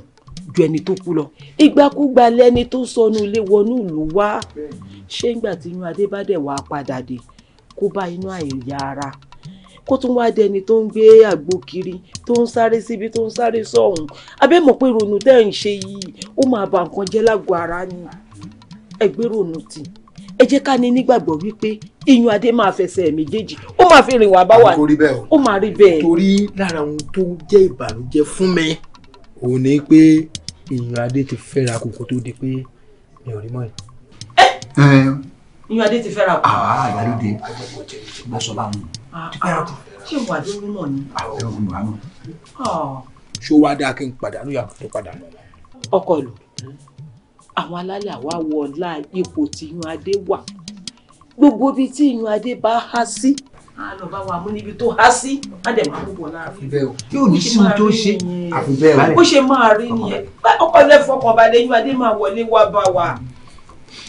ju ẹni tó kú lọ ìgbàkúgbà lẹni tó sọnù lè wọnú ìlú wá ṣé ńgbà tí inú adé bá dẹ̀ wá padà dé kó bá inú àìyá ara kó tún wáá dẹni tó ń gbé àgbo kiri tó ń sáré síbi tó ń sáré sọ̀hún abẹ́ mọ̀ pé ronú tẹ́ ń ṣe yìí ó máa ba nǹkan jẹ́ lágọ̀ ara ni ẹ gbé ronú tì ẹ jẹ́ ká ní nígbàgbọ́ wípé iyùn adé máa fẹsẹ̀ méjèèjì ó máa fi rìn wá bá wà ní ó máa rí bẹ́ẹ̀. torí lára ohun tó jẹ́ ìbànújẹ́ fún mi òun ni pé iyùn adé ti fẹ́ra kòkó tó di pé mi ò rí mọ́ ẹ̀. iyùn adé ti fẹ́ra kòkó ṣé wà lóru náà ni. Ah. ṣó wá dáa kí n pàdánù yàtọ̀ tó pàdánù. ọkọ lò àwọn alálẹ̀ àwa wọ ọ̀la ipò tí iyun adé wà gbogbo ibi tí iyun adé bá há sí a lọ bá wa mú níbi tó há sí á dẹ̀ máa púpọ̀ láàrin yóò ní sí tó ṣe àfibẹ́ẹ̀ bó ṣe máa rí nìyẹn ọkọ ilé fọkànbalẹ̀ iyun adé máa wọlé wá bá wa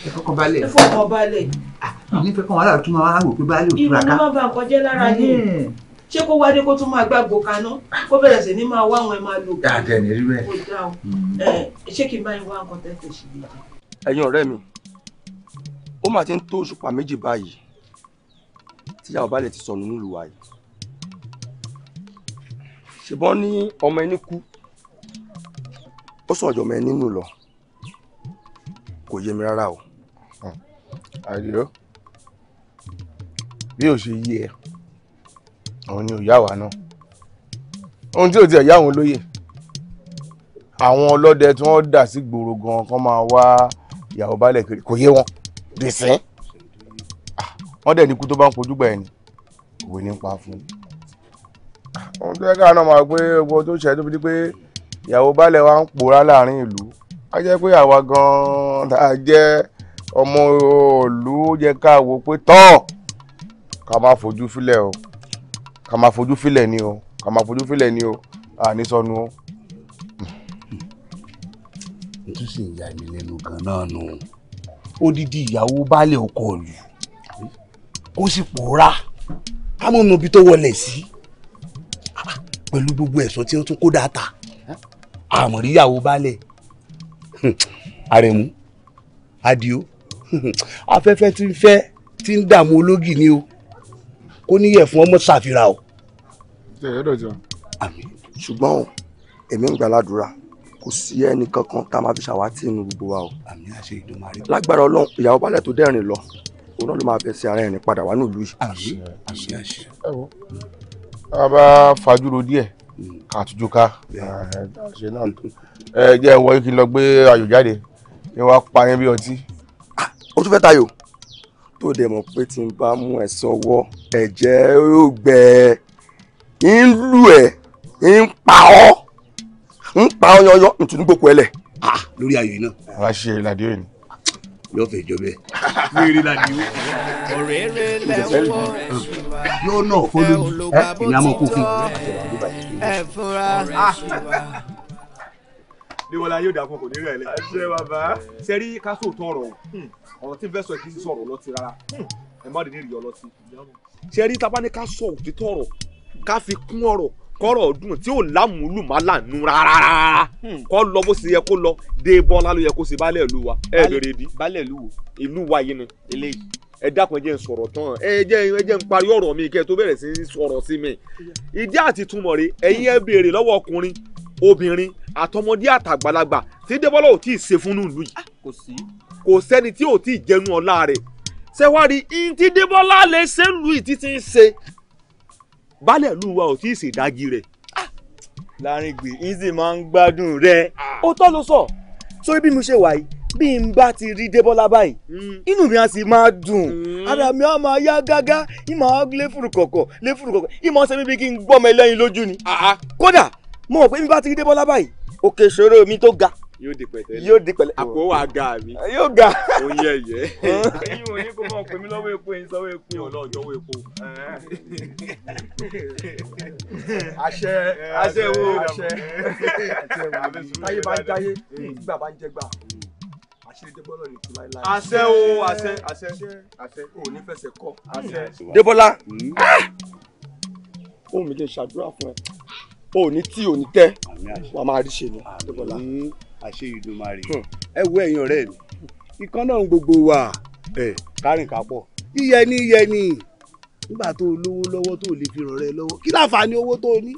ẹ fọkànbalẹ̀ ẹ fọkànbalẹ̀ ah nífẹ̀ẹ́ kan wàhálà tó máa wò pé báyìí ò túra ká. ìwọ ló má ba nǹkan jẹ́ lára yìí ṣé kó wá dé kó tún máa gbàgbó kaná kó bẹ̀rẹ̀ sí ní máa wá àwọn ẹ̀ máa lò. dáadáa ní rírẹ. kò dá o mm. ṣé kí n bá yín wá nǹkan tẹ́tẹ̀ sí i. ẹ̀yin ọ̀rẹ́ mi ó mà ti ń tó òṣùpá méjì báyìí tíyàwó baálẹ̀ ti sọnù nílùú wa yìí ṣùgbọ́n ní ọmọ ẹni kú ó sọ ọ̀jọ̀ ọmọ ẹni nù lọ kò yé mi rárá o. àdìrò. Hmm bí ò ṣe yí ẹ òun ni ò yá wa náà ohun tí ò tiẹ̀ yá òun lóye àwọn ọlọ́dẹ tí wọ́n dà sí gbòòrò gan kan máa wá ìyàwó balẹ̀ kiri kò yé wọn dèsìn ah, wọ́n dẹ̀ ní ikú tó bá ń pojú gbà ẹ̀ ni òwe ní pa fún un. ohun tó yẹ káà náà máa pé ọgbọ́n tó ṣe tó fi di pé ìyàwó balẹ̀ wa ń pòórá láàrin ìlú á jẹ́ pé àwa gan-an tá jẹ́ ọmọ òòlù ó yẹ ká wò pé tọ́ọ̀ ká má fojú filẹ̀ o ká má fojú filẹ̀ ni o ká má fojú filẹ̀ ni o àní sọnù o. ètò sì ń ya mi lẹ́nu gan-an nù odidi ìyàwó baálé ọkọ lù kó sì pòórá ká mọ̀ níbi tó wọlé sí pẹ̀lú gbogbo ẹ̀sọ́ tí wọ́n tún kó dáta àmọ̀ríyàwó baálé àrẹ̀mú adio afẹ́fẹ́ tí ń fẹ́ tí ń dààmú ológì ni o kó níyẹ̀ fún ọmọ ṣàfihàn o. ṣùgbọ́n o èmi ń gbàládùra kò sí ẹnì kankan tá a máa fi ṣàwátì inú gbogbo wa o. lágbára ọlọ́run ìyàwó balẹ̀ tó dẹ́rìn lọ òun náà ló máa fẹsẹ̀ ara ẹ̀rìn padà wá nílùú yìí. a bá fajúro díẹ̀ hmm. ká àtújú ká ṣe náà ẹ jẹ́ ìwọ yìí kí n lọ gbé ayò jáde ẹ wá pa yẹn bí ọtí. Ah, ó tún fẹ́ tayò tó dẹ̀ mọ̀ pé tí n bá mú ẹ sọ́wọ́ ẹ̀jẹ̀ ó gbẹ ẹ ń lù ẹ ń pa ọ́ ń pa ọ́ yọyọ ntùnú gbòkó ẹ lẹ̀. lórí ayò yìí náà. wàá ṣe ìlàdí òyìn. yóò fẹ́ jọ bẹ́ẹ̀. wíìrì làdí ó. ọ̀rẹ́ rẹ lẹ́wọ́ rẹ̀ ṣùgbọ́n. yóò náà fọ́lọ́lù ẹ̀ ìyá mọ̀ kó fún un. ẹ fúnra ṣùgbọ́n déwọlá yóò dàkún kò ní rẹ̀ lẹ. ṣé bàbá. ṣe rí kásò tọrọ ọ̀rọ̀ tí fẹsọ kì í sọ̀rọ̀ ọlọtí rárá ẹ má dìní ìrìyọ ọlọtí. ṣe rí tábà ní ká sọ òtítọ́ ọ̀rọ̀ ká fi kún ọ̀rọ̀ kọ́rọ̀ dùn tí ò lámùlùmálànú rárá kọ́ lọ bó ṣe yẹ kó lọ dé bọ́lá ló yẹ kó ṣe baálé ìlú wa ẹ bèrè bí. baálé ìlú wo. ìlú wa yìí ni. eléyìí. ẹ dákun ẹ jẹ́ n sọ̀rọ̀ tán ẹ jẹ́ ẹ jẹ́ n parí ọ̀rọ̀ mi kẹ́ ẹ tó bẹ̀rẹ̀ sí í sọ̀rọ̀ sí mi. ìdí àti túmọ̀ rẹ̀ ẹ̀yin ẹ béèrè lọ́wọ́ ọkùnrin obìnrin àtọmọdé àtàgbàlagbà tí débọ́lá ò tí ì ṣe fún ìlú yìí ah, kò sẹ́ni tí ò tí ì jẹnu ọ̀la rẹ̀ ṣẹ́wárí ihun tí débọ́lá lè ṣe ìlú yìí títí ń ṣe baálẹ̀ ìlú wa ò tí ì ṣèdági rẹ̀. Ah, Láringbè ìzì máa ń gbádùn rẹ̀. Ah. ó tọ́ ló sọ sórí bí mo ṣe wà yìí bí n bá ti rí débọ́lá báyìí hmm. inú mi á sì máa dùn hmm. ara mi á máa yá gágá ìmọ̀ á lé fùrùkọ̀kọ̀ lé fùrùkọ̀kọ̀ ìmọ̀ ṣe mi kí n gbọ́ ọmọ ẹlẹ́yin lójú ni kódà mo mọ̀ pé mi bá ti rí Débọ́lá báyìí òkè ìṣòro mi tó ga yóò di pẹ̀tẹ́lẹ̀ yóò di pẹ̀lẹ́ àpò wa ga mi yóò ga o yẹ yẹ. ẹyin ò ní kó mọ̀ pé mi lọ́wọ́ epo yìí sọ́wọ́ epo yìí ọlọ́ọ̀jọ́ wọ epo. àṣẹ àṣẹ wo àṣẹ táyé bá ń jáyé gbà bá ń jẹ gbà àṣírí Débọ́lá ní kí láéláé. àṣẹ o àṣẹ àṣẹ àṣẹ o ò ní fẹsẹ̀ kọ́. Débọ́lá hmm. ohun mi lè ṣàdúrà fún ẹ òní tí òní tẹ́ wàá máa rí ṣe ni Adébọ́lá. àṣẹ Ìdùmarè hmm. ẹ wo ẹ̀yin ọ̀rẹ́ mi ìkan náà gbogbo wa kárìn kápọ̀ yíyẹni yíyẹni nígbà tó lówó lọ́wọ́ tó lè fi ràn rẹ lọ́wọ́ kí láǹfààní owó tó ní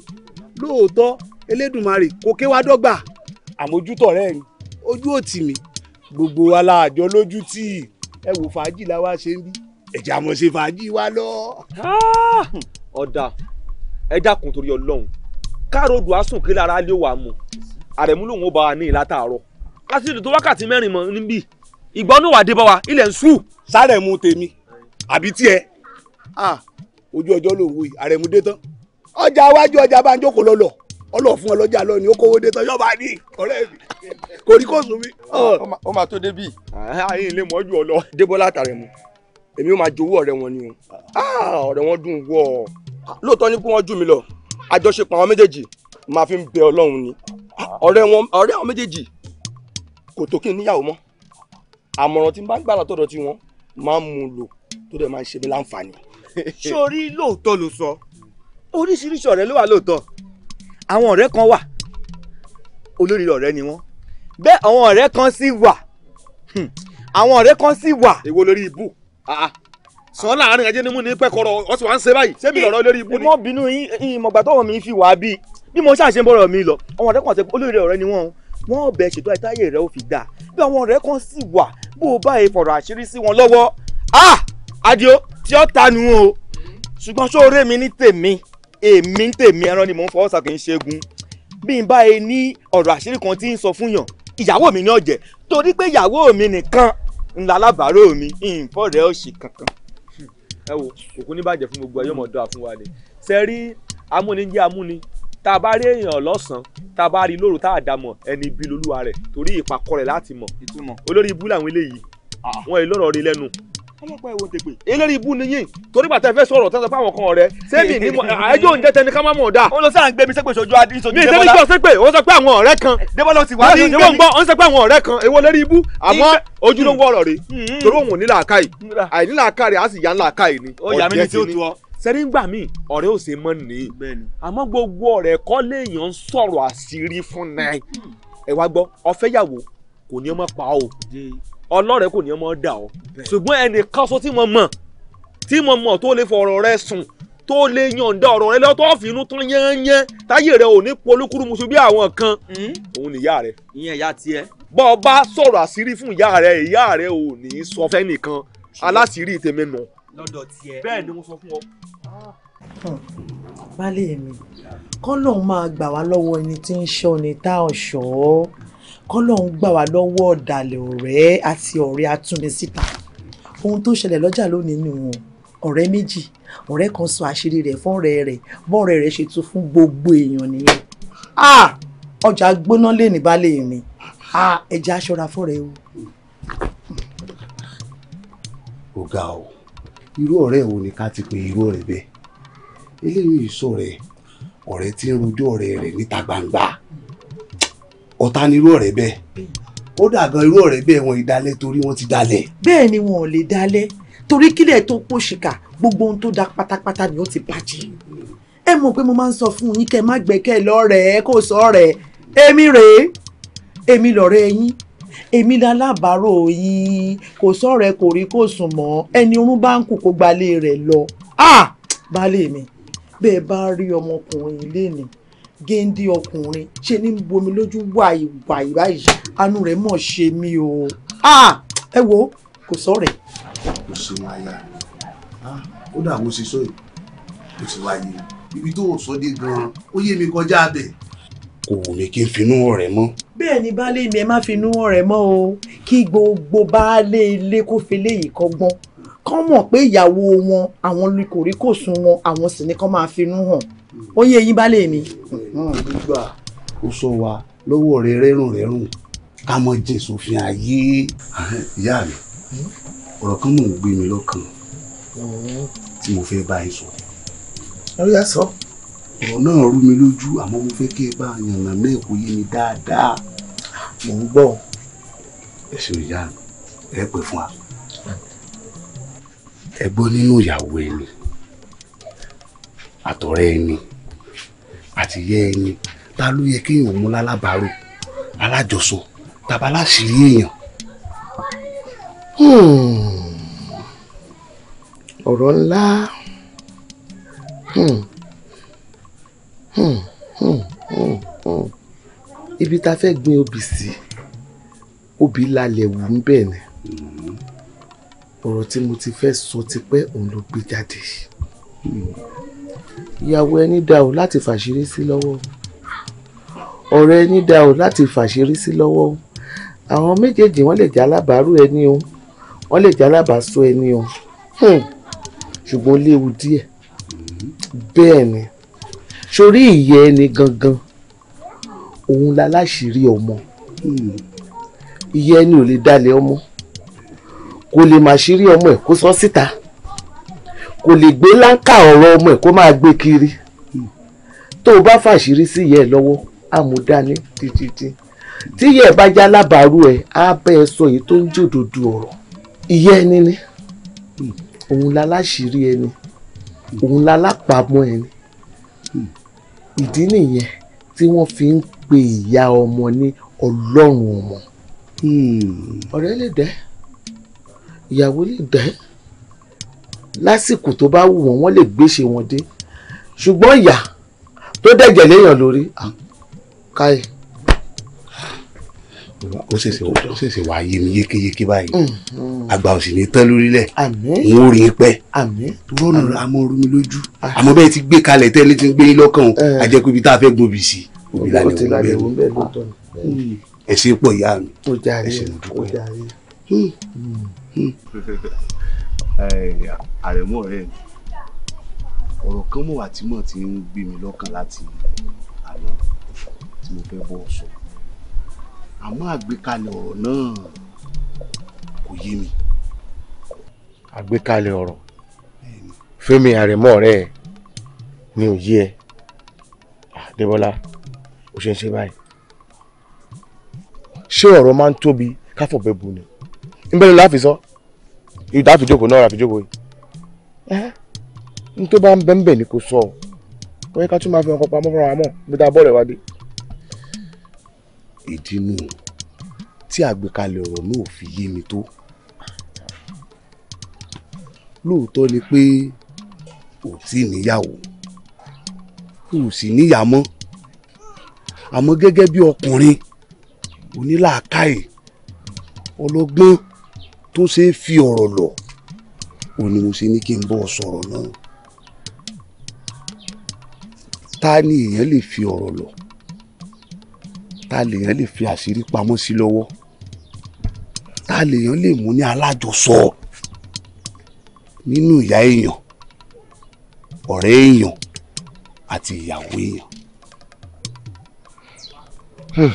lóòótọ́ Elédùmarè kò ké wá dọ́gba àmójútó ọ̀rẹ́ mi ojú òtì mi gbogbo wa la àjọ lójú tì ẹ wò fàájì la wá ṣe ń bí ẹ̀jẹ̀ àmọ̀ ṣe fàájì wa lọ. ọ̀dà ẹ dákun torí Ọlọ́run káàròdù àsùn kí lára lé wàá mu àrẹ̀mú lòun ó bá wa ní ìlà tààrọ̀ lásìkò tó wákàtí mẹ́rin mọ́ níbí ìgbọ́nú wà dé bá wa ilẹ̀ ń sùn. sárẹ̀mú tèmi àbí tiẹ̀ ojú ọjọ́ ló wù yìí àrẹ̀mú dé tán ọjà iwájú ọjà bá ń jókòó lọ́lọ́ ọlọ́ fún ọlọ́jà lọ́ni ó kówó dé tán yọba ní ọ̀rẹ́ mi kò rí kóòsù mi. ó máa tó débì. ayé ilé mọ́jú ọ lọ. débọ́lá àtàrẹ̀mú èmi ó máa jowó ọ̀rẹ́ wọn ni o ọ̀rẹ́ wọn dùn wọ̀ lóòótọ́ ni kó wọ́n jù mí lọ àjọṣepọ̀ àwọn méjèèjì máa fi ń bẹ ọlọ́run ni ah. ọ̀rẹ́ wọn ọ̀rẹ́ àwọn méjèèjì kò tó kí n níyàwó mọ́ àmọ̀ràn tí n bá gbà látọ̀dọ̀ tí wọ́n máa ń mu lò tó dẹ̀ máa ń ṣe mí láǹfààní. sórí lóòótọ́ ló sọ oríṣiríṣi ọ̀rẹ́ ló wà lóòótọ́ àwọn ọ̀rẹ́ kan wà olórí ọ̀rẹ́ ni wọ́n bẹ́ẹ̀ àwọn ọ̀rẹ́ kan sì wà hmm. àwọn ọ̀rẹ́ kan sì wà. èwo lórí ibù ah, ah sọ láàrin ajé ni mú ní pẹ́kọ̀rọ̀ ọ sì wá ń ṣe báyìí sẹ́mi lọ́rọ́ lórí ibú ni. ìmọ̀ bínú ìmọ̀gbà tọ́wọ́ mi fi wà á bí bí mo ṣàṣe ń mi lọ àwọn ọ̀rẹ́ kan ṣe olórí ọ̀rẹ́ ni wọ́n wọ́n bẹ̀ ṣètò àìtáyè rẹ̀ ó fi dà bí àwọn ọ̀rẹ́ kan sì wà bó o bá ìfọ̀rọ̀ àṣírí sí wọn lọ́wọ́ ah adio tí ó ta nu o ṣùgbọ́n sóore mi ní tèmi èmi ń tèmi ẹran ni mò ń fọwọ́ sàkè ń ṣẹ́gun ẹ wo òkú ní bàjẹ́ fún gbogbo ayé ọmọdé àfúnwa ni ṣe rí amúni jẹ́ amúni tá a bá rí èèyàn lọ́sàn-án tá a bá rí lóru tá a dà mọ̀ ẹni bí lolúwa rẹ̀ torí ìpàkọ́ rẹ̀ láti mọ̀ olórí ibú làwọn eléyìí ah. wọn èlò ọ̀rọ̀ rí lẹ́nu ọlọ́pàá ìwọ tèpè eléré ibú ni yín torí pàtẹ fẹ́ sọ̀rọ̀ tẹsán fáwọn kan ọ̀rẹ́ sẹmi ni mo àjọ òǹjẹ tẹni ká má mọ ọdá. ó lọ sáà ń gbé mi sẹpẹ sojú adi sojú débọlá mi sẹbi sọ sẹpẹ ó sọ pé àwọn ọ̀rẹ́ kan débọlá ti wá ní ìgbẹ́ òǹgbọ́ ó ń sọ pé àwọn ọ̀rẹ́ kan èwo lérí ibú àmọ́ ojúlówó ọ̀rọ̀ rẹ̀ mm-hmm. torí òun ò ní làákàyè àìní làákàyè á sì yá làákàyè ni ọ̀jẹ̀ sẹ́rí ńgbà míì ọ̀rẹ́ ò ṣe mọ́ nìyí àmọ́ gbogbo ọ̀rẹ́ kọ́ léèyàn ń sọ̀rọ̀ àṣírí fún náà hmm. ẹ wá gbọ́ ọ̀fẹ́ yàwó kò ní ọmọ pa ọ́ ọlọ́rẹ̀ kò ní ọmọ dà ọ́ ṣùgbọ́n ẹnìkan so tí mo mọ̀ tí mo mọ̀ tó lè fọ̀rọ̀ rẹ sùn tó lè yànda ọ̀rọ̀ rẹ lọ́tọ́ fínú tán yẹ́nyẹ́ táyé rẹ ò ní polúkúrú musu bí àwọn kan hmm? òun nìyá rẹ. ìyẹn ìyá tiẹ̀. bọ́ ọ bá sọ̀rọ̀ àṣírí fún ìyá rẹ ìyá rẹ ò ní sọ fẹ́nìkan aláṣírí tèmi nù. lọ́dọ̀ tiẹ̀. bẹ́ẹ̀ ni mo sọ fún ọ. Hmm. baálé mi kọ́ lóun máa gbà wá lọ́wọ́ ẹni tí ń ṣọ́ tá ọ̀ṣọ́ kọ́lọ́hún gbà wá lọ́wọ́ ọ̀dàlẹ̀ ọ̀rẹ́ àti ọ̀rẹ́ atúnisíta ohun tó ṣẹlẹ̀ lọ́jà lónìí nù wọn ọ̀rẹ́ méjì ọ̀rẹ́ kan sọ àṣírí rẹ̀ fọ́nrẹ́ rẹ̀ bọ́ọ̀rẹ́ rẹ̀ ṣe tún fún gbogbo èèyàn nìyẹn ọjà gbóná lè ní balẹ̀ mi ẹja aṣọra fọ́rẹ́ o. ọ̀gá o irú ọ̀rẹ́ wo ni ká ti pe irú ọ̀rẹ́ bẹ́ẹ̀ eléyìí sọ̀rẹ́ ọ̀rẹ́ tí ń rojọ́ ọ̀rẹ́ rẹ̀ níta gbangba ọ̀tá ni irú ọ̀rẹ́ bẹ́ẹ̀ ó dàgbà irú ọ̀rẹ́ bẹ́ẹ̀ wọn ìdálẹ́ torí wọ́n ti dalẹ̀. bẹ́ẹ̀ ni wọn ò lè dalẹ̀ torí kílẹ̀ tó pòṣìkà gbogbo ohun tó da pátápátá ni ó ti bàjẹ́ ẹ mọ̀ pé mo máa ń sọ fún yín kẹ́ ẹ má gbẹ́kẹ̀ lọ́rẹ̀ẹ́ kò sọ ọ̀rẹ́ èmi rèé èmi lọ̀rẹ́ yín èmi lálábàárò yín kò sọ̀rẹ́ kò rí kò sùn mọ́ ẹni orún bá ń kù kó gbalé rẹ̀ lọ ah! baálé mi bẹ́ẹ̀ bá rí ọmọkùnrin lénìí géńdé ọkùnrin ṣe ní bomi lójú wàyí wàyí báyìí àánú rẹ̀ mọ̀ ṣe mí o ẹ wo kò sọ̀rẹ̀. kò sí wọn aya ó dà bó ṣe sọ yìí kò sí wáyé ibi tó sọ dé gan-an ó yé mi kọjá abẹ kò wù mí kí n finú ọ̀rẹ́ mọ́. bẹ́ẹ̀ ni baálé mi ẹ má finú ọ̀rẹ́ mọ́ o kí gbogbo baálé ilé kó fele yìí kọ́gbọ́n kán mọ̀ pé ìyàwó wọn àwọn koríkòsùn wọn àwọn sì ni kán máa finú hàn ó yé eyín balẹ̀ mi. gbígbà ó sọ wa lọ́wọ́ rẹ rẹ́rùn rẹ́rùn ká mọ jésù fi àyè. ìyá mi ọ̀rọ̀ kan mò ń gbé mi lọ́kàn tí mo fẹ́ bá yín sọ. ọ̀rẹ́ sọ. ọ̀rọ̀ náà rú mi lójú àmọ́ mo fẹ́ kí ẹ bá yànnà náà kó yé mi dáadáa. mò ń gbọ́. ẹ ṣe ìyá mi ẹ pè fún wa. ẹ gbọ́ nínú ìyàwó ẹni àtọ̀rẹ́ ẹni àtìyẹ́ ẹni ta ló yẹ kéèyàn mú lálábàárò alájọsọ tàbá láṣìírí èèyàn. Hmm. ọ̀rọ̀ ńlá hmm. Hmm. ibi tá a fẹ́ gbin obì sí obì lálẹ́ wù ń bẹ̀ ni ọ̀rọ̀ tí mo ti fẹ́ sọ tipẹ́ òun ló gbé jáde ìyàwó ẹni dà ó láti fàṣírí sí lọ́wọ́ ọ̀rẹ́ ẹni dà ó láti fàṣírí sí lọ́wọ́ àwọn méjèèjì wọ́n lè jẹ́ alábàárù ẹni o wọ́n lè jẹ́ alábàásọ ẹni o hmm. ṣùgbọ́n léwu díẹ̀ bẹ́ẹ̀ ni sórí ìyẹ́ ẹni gangan òun la láṣìírí ọmọ hmm. ìyẹ́ ẹni ò lè dalẹ̀ ọmọ kò lè máa ṣírí ọmọ ẹ̀ kó sọ síta kò lè gbé láńkà ọ̀rọ̀ ọmọ ẹ̀ kó máa gbé kiri tó o bá fàṣírí sí ìyá ẹ lọ́wọ́ àmúdání títí tí ìyá ẹ bá já lábàárù ẹ á bẹ́ ẹ sọ èyí tó ń jòdòdò ọ̀rọ̀ ìyá ẹni ni òun la láṣìírí ẹni òun la lápamọ́ ẹni ìdí nìyẹn tí wọ́n fi ń pe ìyá ọmọ ní ọlọ́run ọmọ hmm. ọ̀rẹ́ lè dẹ́ ìyàwó lè dẹ́ lásìkò tó bá wù wọ́n wọ́n lè gbéṣe wọn dé ṣùgbọ́n ìyà tó dẹ̀jẹ̀ léèyàn lórí káyè. ó ṣèṣe wàá yé mi yékéyéké báyìí mm, mm. àgbà òsì ní tán lórílẹ̀ n ó rí i pẹ́ rọ́nà mi lójú ah. àmọ́ bẹ́ẹ̀ ti gbé kalẹ̀ tẹ́lẹ̀ ti gbé lọ́kàn àjẹkù eh. ibi tá a fẹ́ gbòbì sí òbí lálẹ́ òun bẹ́ẹ̀ ẹ̀ ṣe pọ̀ ìyá mi ẹ̀ ṣe mo dúpẹ́ àrẹ̀mú ọ̀rẹ́ mi ọ̀rọ̀ kan mọ̀ wá tí mo ti ń gbé mi lọ́kàn láti àná tí mo fẹ́ bọ́ sọ àmọ́ àgbékalẹ̀ ọ̀rọ̀ náà kò yé mi. àgbékalẹ̀ ọ̀rọ̀ Fẹ́mi àrẹ̀mú ọ̀rẹ́ ẹ̀ mi ò yé ẹ Adébọ́lá ó ṣe ń ṣe báyìí ṣé ọ̀rọ̀ máa ń tóbi káfọ̀bẹ́ bu ni ń bẹ́ẹ̀ ló láfi sọ. So? ìdá àfijòkó náà àfijòkó yìí ẹ n tó bá ń bẹ ń bẹ ni kò sọ ọ yẹ ká tún máa fi ọkọ pamọ́ fúnra wa mọ̀ bí dáa bọ́ọ̀lù ẹ̀ wá dé. ìdí nù tí àgbékalẹ̀ ọ̀rọ̀ náà fi yé mi tó lóòótọ́ ni pé ò tí níyàwó kò sì níyàá mọ́ àmọ́ gẹ́gẹ́ bí ọkùnrin onílàákàyè ọlọ́gbọ́n tó ṣe é fi ọ̀rọ̀ lọ ò ní mo ṣe ní kí n bọ́ sọ̀rọ̀ náà ta ni èèyàn lè fi ọ̀rọ̀ lọ ta lèèyàn lè fi àṣírí pamọ́ sí lọ́wọ́ ta lèèyàn lè mú ní alájọsọ nínú ìyá èèyàn ọ̀rẹ́ èèyàn àti ìyàwó èèyàn. Hmm.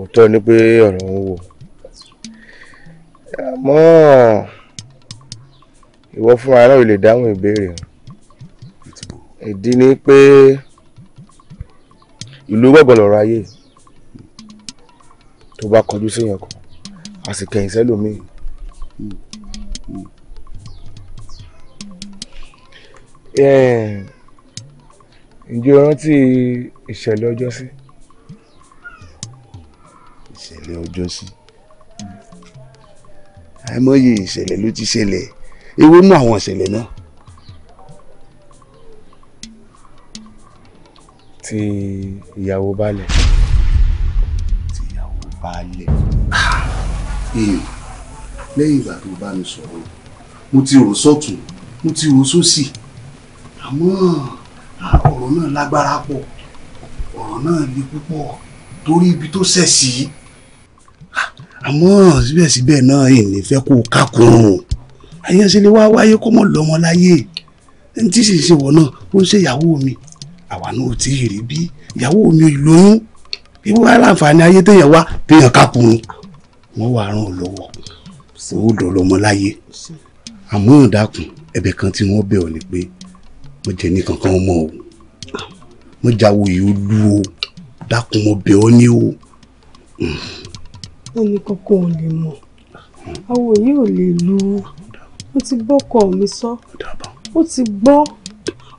òótọ́ ni pé ọ̀rọ̀ ń wò àmọ́ ìwọ fúnra náà ò lè dáhùn ìbéèrè ìdí ni pé ìlú gbọ̀ngàn lọ́rọ̀ ayé tó bá kọjú séèyàn kan a sì kẹ̀yìn sẹ́lòmíì. ǹjẹ́ o rántí ìṣẹ̀lẹ̀ ọjọ́sí? ìṣẹ̀lẹ̀ ọjọ́sí àìmọye ìṣẹ̀lẹ̀ ló ti ṣẹlẹ̀ èwo nú àwọn ìṣẹ̀lẹ̀ náà. ti ìyàwó baálẹ̀. ti ìyàwó baálẹ̀. èèyàn lẹ́yìn ìgbà tó bá mi sọ̀rọ̀ mo ti rò sọ́tún mo ti rò sósì àmọ́ ọ̀rọ̀ náà lágbára pọ̀ ọ̀rọ̀ náà le púpọ̀ torí ibi tó ṣẹ̀ sí. Si àmọ́ síbẹ̀síbẹ̀ náà ìní fẹ́ kó kákùrùn àyànṣẹlẹ wá wáyé kó mọ̀ lọ́mọ láyé ẹni tí sì ṣe wọ̀ náà ó ń ṣe ìyàwó mi àwa náà ò tí ì rí bí ìyàwó mi ò lóyún ibi wá láǹfààní ayé téèyàn wá téèyàn kákùrùn wọn wà ràn lọ́wọ́ owó dọ̀lọ́mọ láyé àmọ́ ìdákun ẹ̀bẹ̀ kan tí wọ́n bẹ̀ ọ́ ni pé mo jẹ ní kankan ọmọ o mo jáwọ́ yìí ó lú o dákun mo bẹ̀ ọ́ ní o. Hmm wọn ní kankan ò lè mọ̀ àwọ̀ yìí ò lè lu ó ti bọ́kọ mi sọ ó ti gbọ́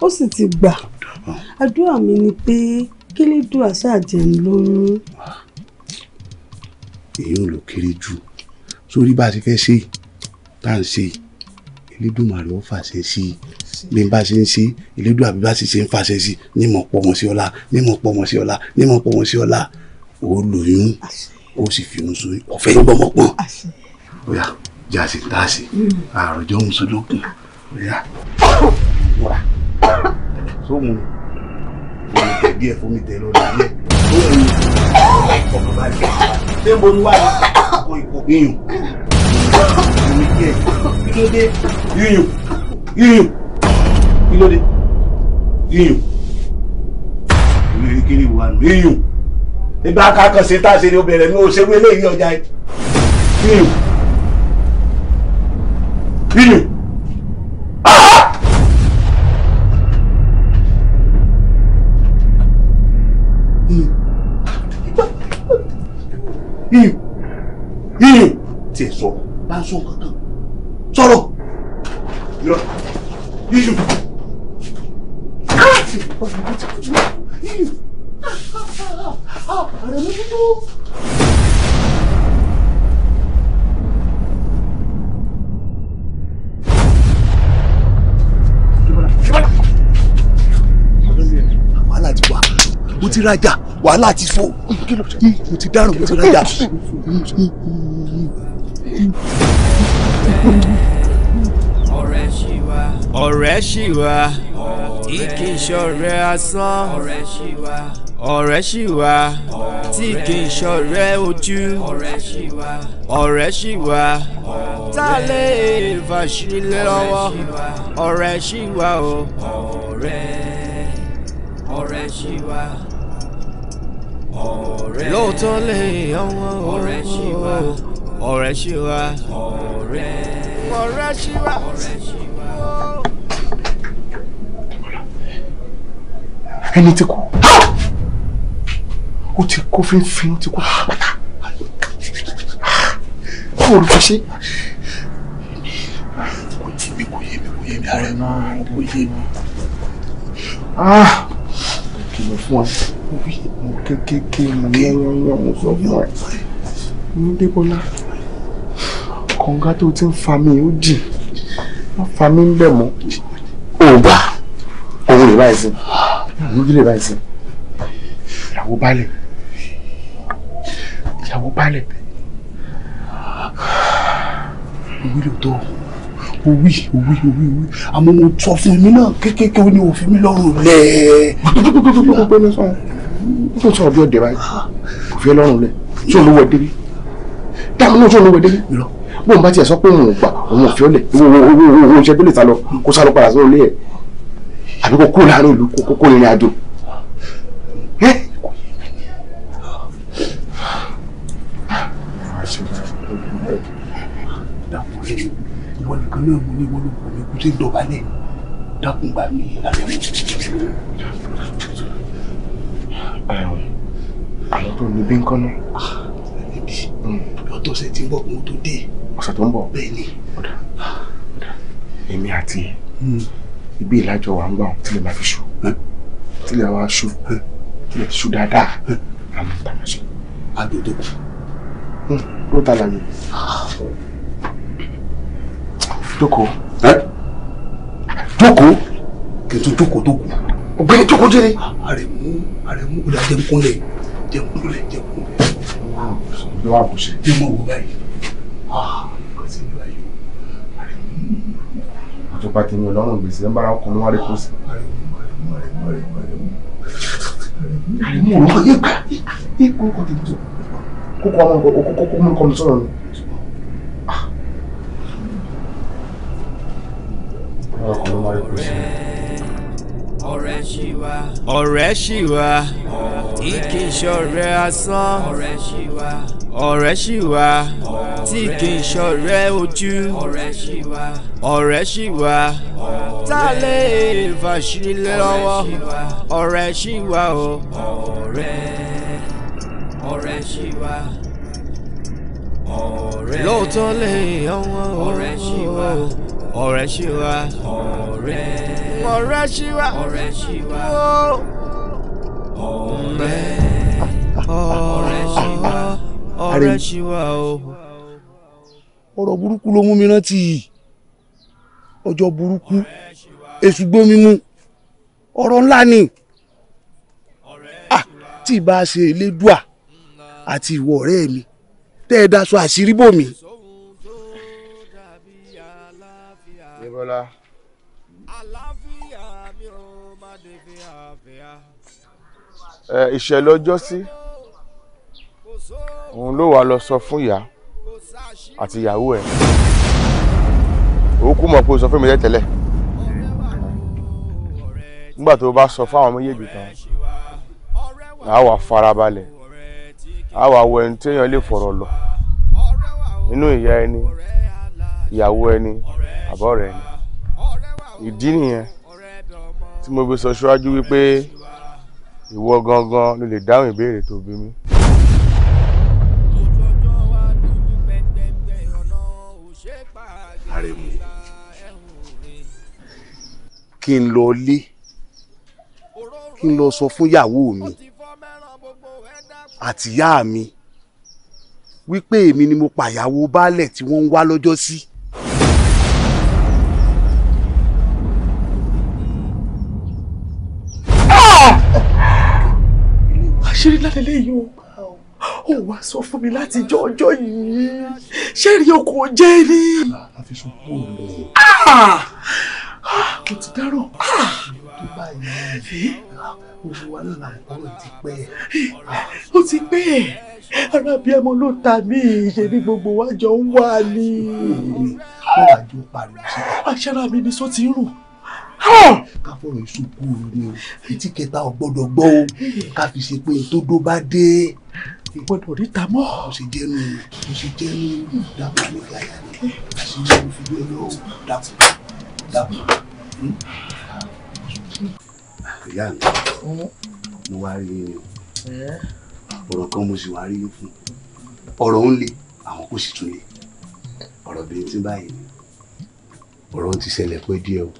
ó sì ti gbà àdúrà mi ni pé kílédùn àṣà àjẹun lóyún. èyí ò lọ kéré jù sórí bá a ti fẹ́ ṣe tá à ń ṣe Elédùmarè ó fàṣẹ sí i bí n bá ṣe ń ṣe Elédùmarè àbí bá ṣe ṣe ń fàṣẹ sí i ní mọ̀ pọ̀ mọ̀ sí ọlá ní mọ̀ pọ̀ mọ̀ sí ọlá ní mọ̀ pọ̀ mọ̀ sí ọlá ó lóyún ó sì fi ohun so ọ̀fẹ́ ń gbọ́mọ pọ́n bóyá jáàsì táàsì àròjọ ń so lókun bóyá wà sóhun omi tẹ díẹ̀ fomi tẹ lọ lálẹ́ lóhun ọkàn balẹ̀ ṣé mo ń wá ọkọ ìkọ yíyùn omi díẹ̀ kí ló dé yíyùn yíyùn kí ló dé yíyùn kí ni wà nù ìgbà kankan ṣe tá a ṣe ni obìnrin mi ò ṣerú eléyìí ọjà yìí. kíni kíni. iyùn ah! tí ẹ sọ bá ń sọ kankan sọ̀rọ̀ iyùn ọ̀rọ̀ mi dúdú. wàhálà ti mo ti rajà wàhálà ti so mo ti dáràn mo ti rajà. ọ̀rẹ́ ṣì wá. ọ̀rẹ́ ṣì wá tí kì asán. ọ̀rẹ́ ṣì wá ọ̀rẹ́ ṣì wà tí kì í ṣọ̀rẹ́ ojú ọ̀rẹ́ ṣì wà tá a lè fà sílẹ̀ lọ́wọ́ ọ̀rẹ́ ṣì wà o. ọ̀rẹ́ ọ̀rẹ́ ṣì wà ọ̀rẹ́ lóòótọ́ lè ọwọ́ ọ̀rẹ́ ṣì wà ọ̀rẹ́ ṣì wà ọ̀rẹ́ ọ̀rẹ́ ṣì wà ẹni tí kò ó ti kó fínfín ó ti kó pátá báwo ló fi ṣe. kò tí mi kò yé mi kò yé mi ààrẹ náà kò yé mi. Ah! kìlọ̀ fún ọ mo kékeré mo yẹ́nyẹ́nyẹ́ mo sọ fún ọ ní débọ́lá kọ̀ǹga tó ti ń fa mi ó jìn wọ́n fa mi ń bẹ̀ mọ́ ògbà òun lè báyìí sí òun lè báyìí sí ìyàwó balẹ̀ ìyàwó baálẹ̀ òwí lòótọ́ òwí òwí òwí òwí àmọ́ mo sọ fún mi náà kéékèèké ó ní òfin mi lọ́rùn lẹ̀. ó sọ̀rọ̀ bí ọ̀dẹ̀ báyìí òfin lọ́rùn lẹ̀ tí olówó ẹ̀ débi dáàmú náà tí olówó ẹ̀ débi lọ bó ń bá tiẹ̀ sọ pé òun ò gbà òun ò fi ọ́ lẹ̀ owó ṣẹ́ tó lè sá lọ kó sá lọ padà sórí ilé ẹ̀ àbí kó kúrò láàárín ìlú kó kó ìrìn àjò kan náà mo ní ìwọ ló kọ̀ mí kú sí dọ̀bálẹ̀ dákun gbà mí lábẹ́ mi. àwọn tó ní bí ń kọ́nà. Ah, ẹbí hmm. ọ̀tọ̀ ọ̀sẹ̀ tí ń bọ̀ kó tó dé. ọ̀sẹ̀ tó ń bọ̀ bẹ́ẹ̀ ni. èmi àti hmm. ibi ìlàjọ wa ń gbà tí lè máa fi ṣù tí lè wá ṣù tí ṣù dáadáa àmọ́ tàbí ṣe. àdòdò. Hmm, ló ta la ah. yìí jókòó. ẹ jókòó kí n tún jókòó tó kù. ọ̀gbẹ́ni jókòó jẹrẹ. àrẹ̀mú àrẹ̀mú olè àjẹmúkúnlẹ̀ jẹmúkúnlẹ̀ jẹmúkúnlẹ̀. ló wà kó ṣe. bí mo wò báyìí. àtúpà kìíní ọlọ́run gbèsè ń bára ọkùnrin wá rí kó sí. àrẹ̀mú òun kò yé gbà kókó ọmọ nǹkan kókó ọmọ nǹkan sọ̀rọ̀ ni. ọ̀rẹ́ ṣì wà tí kì í ṣọ̀rẹ́ asán ọ̀rẹ́ ṣì wà tí kì í ṣọ̀rẹ́ ojú ọ̀rẹ́ ṣì wà tá a lè fàṣírí lọ́wọ́ ọ̀rẹ́ ṣì wà o ọ̀rẹ́ ṣì wà lóòótọ́ lè yàn wọ́n o ọ̀rẹ́ ṣì wá. ọ̀rẹ́ ọ̀rẹ́ ṣì wá. ọ̀rẹ́ ṣì wá. ọ̀rẹ́ ọ̀rẹ́ ṣì wá. ọ̀rẹ́ ṣì wá o. ọ̀rọ̀ burúkú ló mú mi rántí ọjọ́ burúkú èṣù gbómi mú ọ̀rọ̀ ńlá ni ah, tí ì bá ṣe elédùà àti ìwọ ọ̀rẹ́ mi tẹ́ ẹ daṣọ àṣírí bò mí. Adébọ́lá. àlàáfíà mi ò má dé fi àfíà. ẹ ìṣẹ̀lẹ̀ ọjọ́ sí òun ló wàá lọ sọ fún ìyá àti ìyàwó ẹ̀ òkú mọ̀ pé o sọ fún mi tẹ́tẹ́lẹ̀ nígbà tó o bá sọ fáwọn méjèèjì tán a wà farabalẹ̀ a wà wọ ẹni téèyàn lè fọ̀rọ̀ lọ nínú ìyá ẹni ìyàwó ẹni àbọ̀ rẹ̀ ni ìdí nìyẹn tí mo fi sọ síwájú wípé ìwọ gangan ló lè dáhùn ìbéèrè tó bí mi. àrẹ̀mú kí n lọ lé kí n lọ sọ fún ìyàwó mi àtìyá mi wípé èmi ni mo pàyàwó baálẹ̀ tí wọ́n ń wá lọ́jọ́ sí àṣírí lálẹ́lẹ́ yìí o ó wá sọ fún mi láti jọ ọjọ́ yìí ṣé rí o kò jẹ́ ni. àfi sọ pé òun lò ó ti dárò tó báyìí gbogbo wa náà làwọn ti ah! pẹ́ ah! ó ti pẹ́ arábíàmọ ló ta mí ìṣe ní gbogbo wa ń wà ní. ó mi ni sọ ti ń rùn ká fọ̀rọ̀ ìsìnkú ni o etí kẹta ò gbọ́dọ̀ gbọ́ o ká fi ṣe pé tó dó bá dé gbọ́dọ̀ ríta mọ́. mo ṣe jẹnu mo ṣe jẹnu dàpọ̀ ní gàyà ni àṣírí mo fi gbé lọ dàpọ̀ dàpọ̀. Hmm? ìyá mi mo wá rí i ọ̀rọ̀ kan mo sì wá rí i fún ọ̀rọ̀ ń le àwọn kò sì tún le ọ̀rọ̀ bíi ti báyìí ọ̀rọ̀ ń ti ṣẹlẹ̀ pẹ́ díẹ̀ o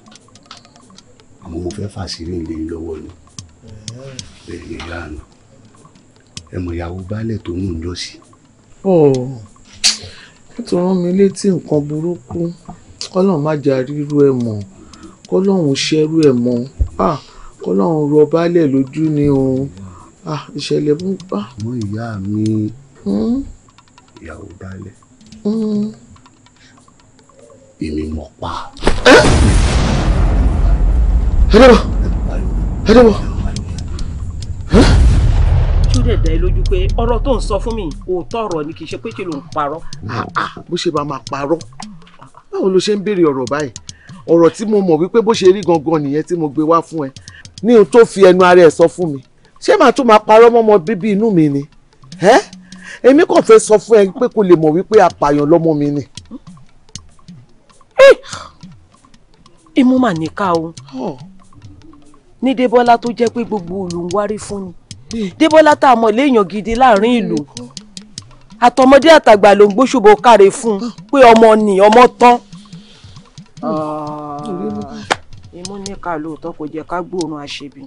àmọ́ mo fẹ́ fàṣírí ilé lọ́wọ́ ni bẹ́ẹ̀ ni ìyá àná ẹ mọ̀ ìyàwó baálẹ̀ tó mú un jọ sí. ó ti rán mi létí nǹkan burúkú kọ́lọ́n má jà ríru ẹ̀ mọ̀ kọ́lọ́n ṣẹ́rú ẹ̀ mọ́ kọ́lọ́n rọ baálẹ̀ lójú ni o ìṣẹ̀lẹ̀ mú bá. àmọ́ ìyá mi hmm? ìyàwó baálẹ̀ hmm? èmi mọ̀ pa Adébọ̀ Adébọ̀. Kí lè dá ẹ lójú pé ọ̀rọ̀ tó ń sọ fún mi òótọ́ ọ̀rọ̀ ni kì í ṣe pé kí ló ń parọ́. Ah, ah, bó ṣe bá máa parọ́, báwo ló ṣe ń béèrè ọ̀rọ̀ báyìí? Ọ̀rọ̀ tí mo mọ̀ wípé bó ṣe rí gangan nìyẹn tí mo gbé wá fún ẹ. Ní ohun tó fi ẹnu ara ẹ̀ sọ fún mi. Ṣé màá tún máa parọ́ mọ́mọ bíbí inú mi ni? Ẹ́ èmi kàn fẹ́ sọ fún ẹ pé kò lè mọ̀ wípé apààyàn lọ́mọ mi ni. Imú mà o ní débọ́lá tó jẹ́ pé gbogbo ìlú ń wárí fún ni hmm. débọ́lá tá a mọ̀ léèyàn gidi láàrin ìlú hmm. àtọmọdé àtàgbà ló ń gbóṣùbọ káre fún un pé ọmọ nì ọmọ tán. Hmm. Ah, imú ní ká lóòótọ́ kò jẹ́ ká gbóòórùn àṣebí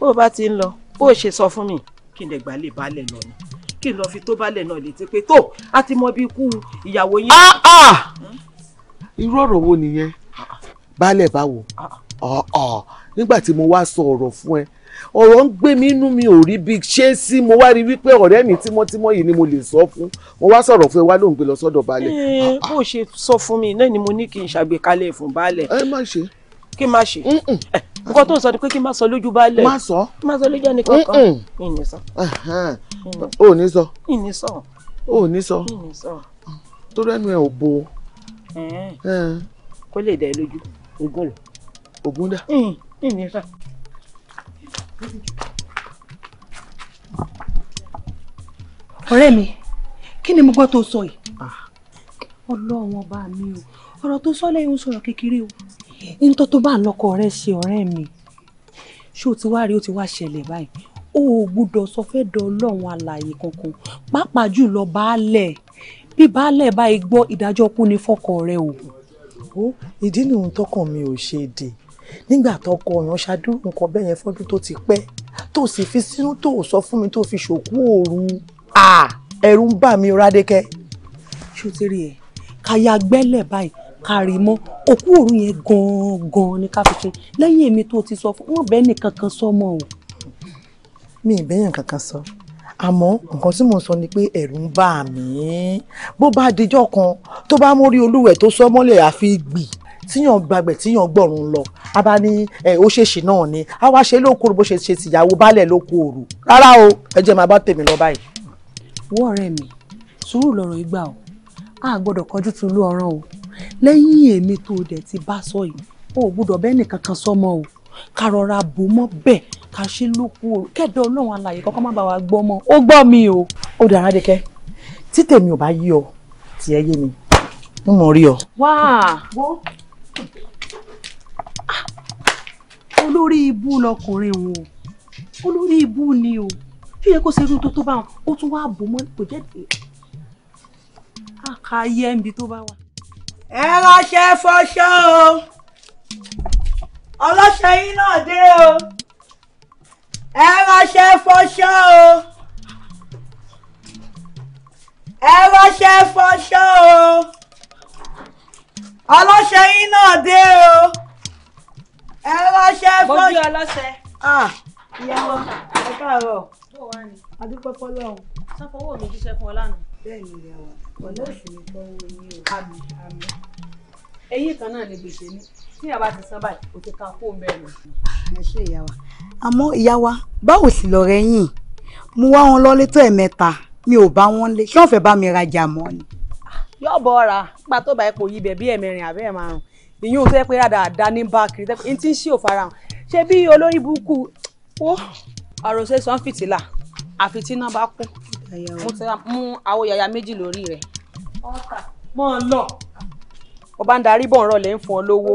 bó o bá ti ń lọ bó o ṣe sọ fún mi kí n lè lè balẹ̀ lọ ni kí n lọ fi tó balẹ̀ náà létí pé tó a ti mọ bí ikú ìyàwó yín. Ah, ah! irú ọ̀rọ̀ wo nìyẹn baálẹ̀ báwo nígbà tí mo wá sọ ọ̀rọ̀ fún ẹ ọ̀rọ̀ ń gbé mi inú mi ò rí bí ṣé sí mo wá rí wípé ọ̀rẹ́ mi tímọ́tímọ́ yìí ni mo lè sọ fún mo wá sọ̀rọ̀ fún ẹ wá ló ń gbé lọ sọ́dọ̀ baálẹ̀. Eh, bó ṣe sọ fún mi náà ni mo ní kí n ṣàgbékalẹ̀ fún baálẹ̀. ẹ má ṣe. kí n má ṣe. Eh, nǹkan tó ń sọ ni pé kí n má sọ lójú baálẹ̀. má sọ. kí n má sọ lójú ẹni kankan. ìní sọ. ò ní sọ. ìní sọ. ò ní sọ. ìní sọ. tó rẹ́nu ẹ̀ ò bo. kó lè dẹ̀ lójú ògùn rẹ̀. ògùn dà ìnira. ọ̀rẹ́ mi kí ni mo gbọ́ tó sọ yìí. Ah. ọlọ́run ọba mi o ọ̀rọ̀ tó sọ lẹ́yìn sọ̀rọ̀ kékeré o ní tó tó bá ń lọ́kọ rẹ̀ ṣe ọ̀rẹ́ mi ṣé o ti wá rí o ti wá ṣẹlẹ̀ báyìí o ò gbúdọ̀ sọ fẹ́ dọ ọlọ́run alààyè kankan pàápàá jùlọ baálẹ̀ bí baálẹ̀ báyìí gbọ́ ìdájọ́ kú ní fọ́kọ rẹ o. ìdí nìyẹn tọkàn mi ò ṣe dè nígbà tọkọ ọ̀yàn ṣàdúró nǹkan bẹ́ẹ̀ yẹn fọ́dún tó ti pẹ́ tó sì fi sínú tó sọ fún mi tó fi ṣòkú òru ẹ̀rù ń bà mí rádékẹ́. ṣó ti rí ẹ káyà gbẹ́lẹ̀ báyìí kárí mọ́ òkú òru yẹn gan-an ni ká fi ṣe lẹ́yìn èmi tó ti sọ fún wọn bẹ́ẹ̀ nìkan kan sọ mọ́ o. mi ì bẹ́yàn kankan sọ àmọ́ nǹkan tí mò ń sọ ni pé ẹ̀rù ń bà mí bó bá dijọ́ kan tó bá mórí olúwẹ̀ tó sọ mọ́lẹ̀ àfi gbì tíyàn gbàgbẹ́ tíyàn gbọ̀run lọ a bá ní ẹ ó ṣèṣì náà ni a wá ṣe lóko bó ṣe ṣe tìyàwó baálẹ̀ lóko òru rárá o ẹ jẹ́ máa bá tèmi lọ báyìí. wọ́ ọ̀rẹ́ mi sùúrù lọ̀rọ̀ ìgbà o a gbọ́dọ̀ kọjú tu lú ọ̀ràn o lẹ́yìn èmi tó dẹ̀ ti bá sọ yìí o ò gbọ́dọ̀ bẹ́ẹ̀ nìkan kan sọmọ o ká rọra bò mọ́ bẹ́ẹ̀ ká ṣe lóko òru kẹ́dọ̀ ọlọ́run alààyè kọ́kọ́ má bá wa gbọ́ mọ́ ó o. ó Ah! olórí ibú lọkùnrin wọn o olórí ibú ni o ṣé yẹ kó ṣe irú tó tó bá wọn ó tún wá bò mọ́ kò jẹ́ dé àká yẹ níbi tó bá wà. ẹ ránṣẹ́ fọṣọ o ọlọ́ṣẹ́ yín náà dé o ẹ ránṣẹ́ fọṣọ o ẹ ránṣẹ́ fọṣọ o ọlọ́ṣẹ yín náà dé o ẹ ránṣẹ́ fún. mo bí ọlọ́ṣẹ. ìyá wọn ẹ káàárọ̀ adúpẹ́ fọlọ́run. sáfọwọ́ mi jíṣẹ́ fún ọ lánàá. bẹ́ẹ̀ni ìyá wa ọ̀nà òsì mi gbọ́ owó ní o. àmì àmì. eyín kan náà ni gbèsè ní tí yàrá ti san báyìí kò ti kan kó bẹ́ẹ̀ lọ. ẹ ṣe ìyá wa àmọ́ ìyá wa báwo sì lọ rẹ yìn mo wá wọn lọ́lé tó ẹ̀mẹ́ta mi ò bá wọn lé ṣé wọ́n fẹ́ bá mi rajà mọ́ ni yọ̀bọ̀ ọ̀rà nígbà tó bá ẹ kò yí ibẹ̀ bí ẹ̀mẹrin àbẹ́ ẹ̀ márùn ìyún tó yẹ pé dáadáa ní báàkì rí tẹ́pẹ́ tí ń ṣí ò farahàn ṣé bí olórí burúkú ó ọ̀rọ̀ ṣe sàn fìtílà àfi tí iná bá kú mo ti mú àwo yàyà méjì lórí rẹ̀ mọ́ ọ lọ ó bá ń darí bọ̀ ń rọlẹ̀ ń fún ọ lówó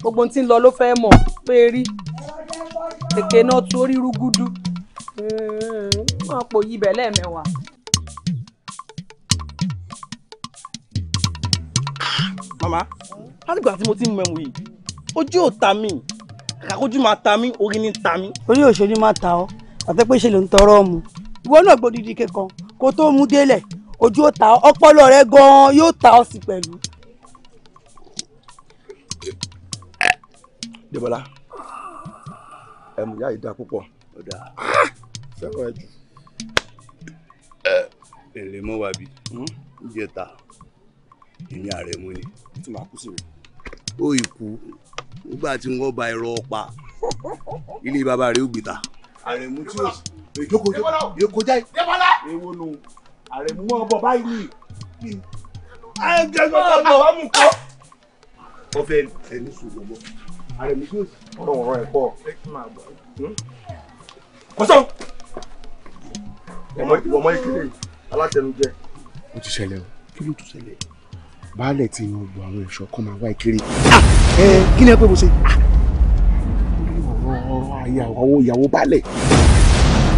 gbogbo ohun tí ń lọ ló fẹ́ mọ̀ pé rí kèké náà torí rúgúdú máa pò yí bẹ̀ lẹ́ẹ̀mẹwàá. màmá látìgbà tí mo ti ń mẹ́mu yìí ojú ò ta mí àkójú máa ta mí orí ní ta mí. orí òṣèlú máa ta ọ àti pé ṣe ló ń tọrọ mu ìwọ náà gbòdìdì kankan kó tó mú délẹ̀ ojú ò ta ọ ọpọlọ rẹ gan-an yóò ta ọ sí pẹ̀lú. debola ẹmu yá yìí dáa púpọ̀ fẹ́ràn ẹ jù. ẹ èrè mọ́ wa bí jẹta. Hmm? èmi àrẹ̀mú ni. tí màá kú sí rẹ. ó ìkú nígbà tí wọ́n ba ẹ̀rọ ọ̀pá ilé bàbá rẹ̀ ó gbìtà. àrẹ̀mú tí ó èjókòó èjókòó jáì. èwo nu àrẹ̀mú mọ́ ọbọ̀ báyìí ni. àjẹgbọ́n ọ̀gá wa mú kọ́. ọbẹ̀ ẹni sùn lọ́wọ́ àrẹ̀mú tí ó ọ̀rọ̀ ọ̀rọ̀ ẹ̀kọ́ hmm? kọsán ọmọ ìkéde alátẹnujẹ. ó ti ṣẹlẹ̀ o kí ló tún ṣẹlẹ̀ baálẹ̀ ti yan gbogbo àwọn ẹ̀ṣọ́ kan máa wá ìkéré ah, ẹ kí ni ẹ pé mo ṣe ah, ọ̀rọ̀ ayàwó ìyàwó baálẹ̀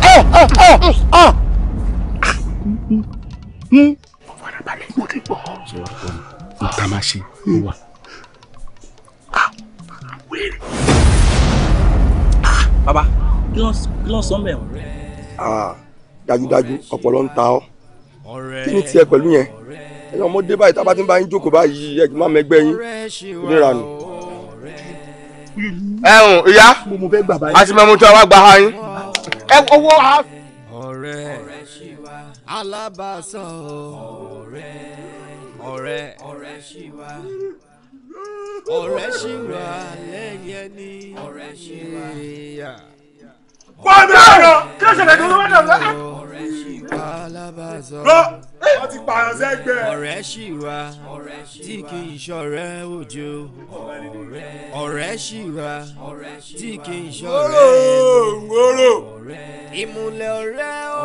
ah, mo hmm, hmm, hmm. fara balẹ̀ mo ti gbọ́ nta máa ṣe wà wèrè. bàbá kí ló ń sọ mẹ́ ọ̀rẹ́. dájúdájú ọpọlọ ń ta ọ kí ni tiẹ̀ pẹ̀lú yẹn ẹ̀yin ọmọdé báyìí tá a bá ti ń bá yín jókòó báyìí ẹ̀ má mẹ́gbẹ́ yín níranù. ẹ̀hún ìyá a ti mẹ́mu tí a wá gba ha yín. ẹ owó ha. ọ̀rẹ́ alábàásọ̀ ọ̀rẹ́ ọ̀rẹ́ ọ̀rẹ́ ṣì wá ọ̀rẹ́ ṣì wá lẹ́yìn ẹni ọ̀rẹ́ ṣì wá wọ́n mi lọ́rọ̀ kí ló ṣẹlẹ̀ tó wọ́n dàgbà. lọ wọ́n ti pààyàn sẹ́gbẹ́. ọ̀rẹ́ ṣì wá tí kì í ṣọ̀rẹ́ òjò ọ̀rẹ́ ṣì wá tí kì í ṣọ̀rẹ́ òjò ìmùlẹ̀ ọ̀rẹ́ ó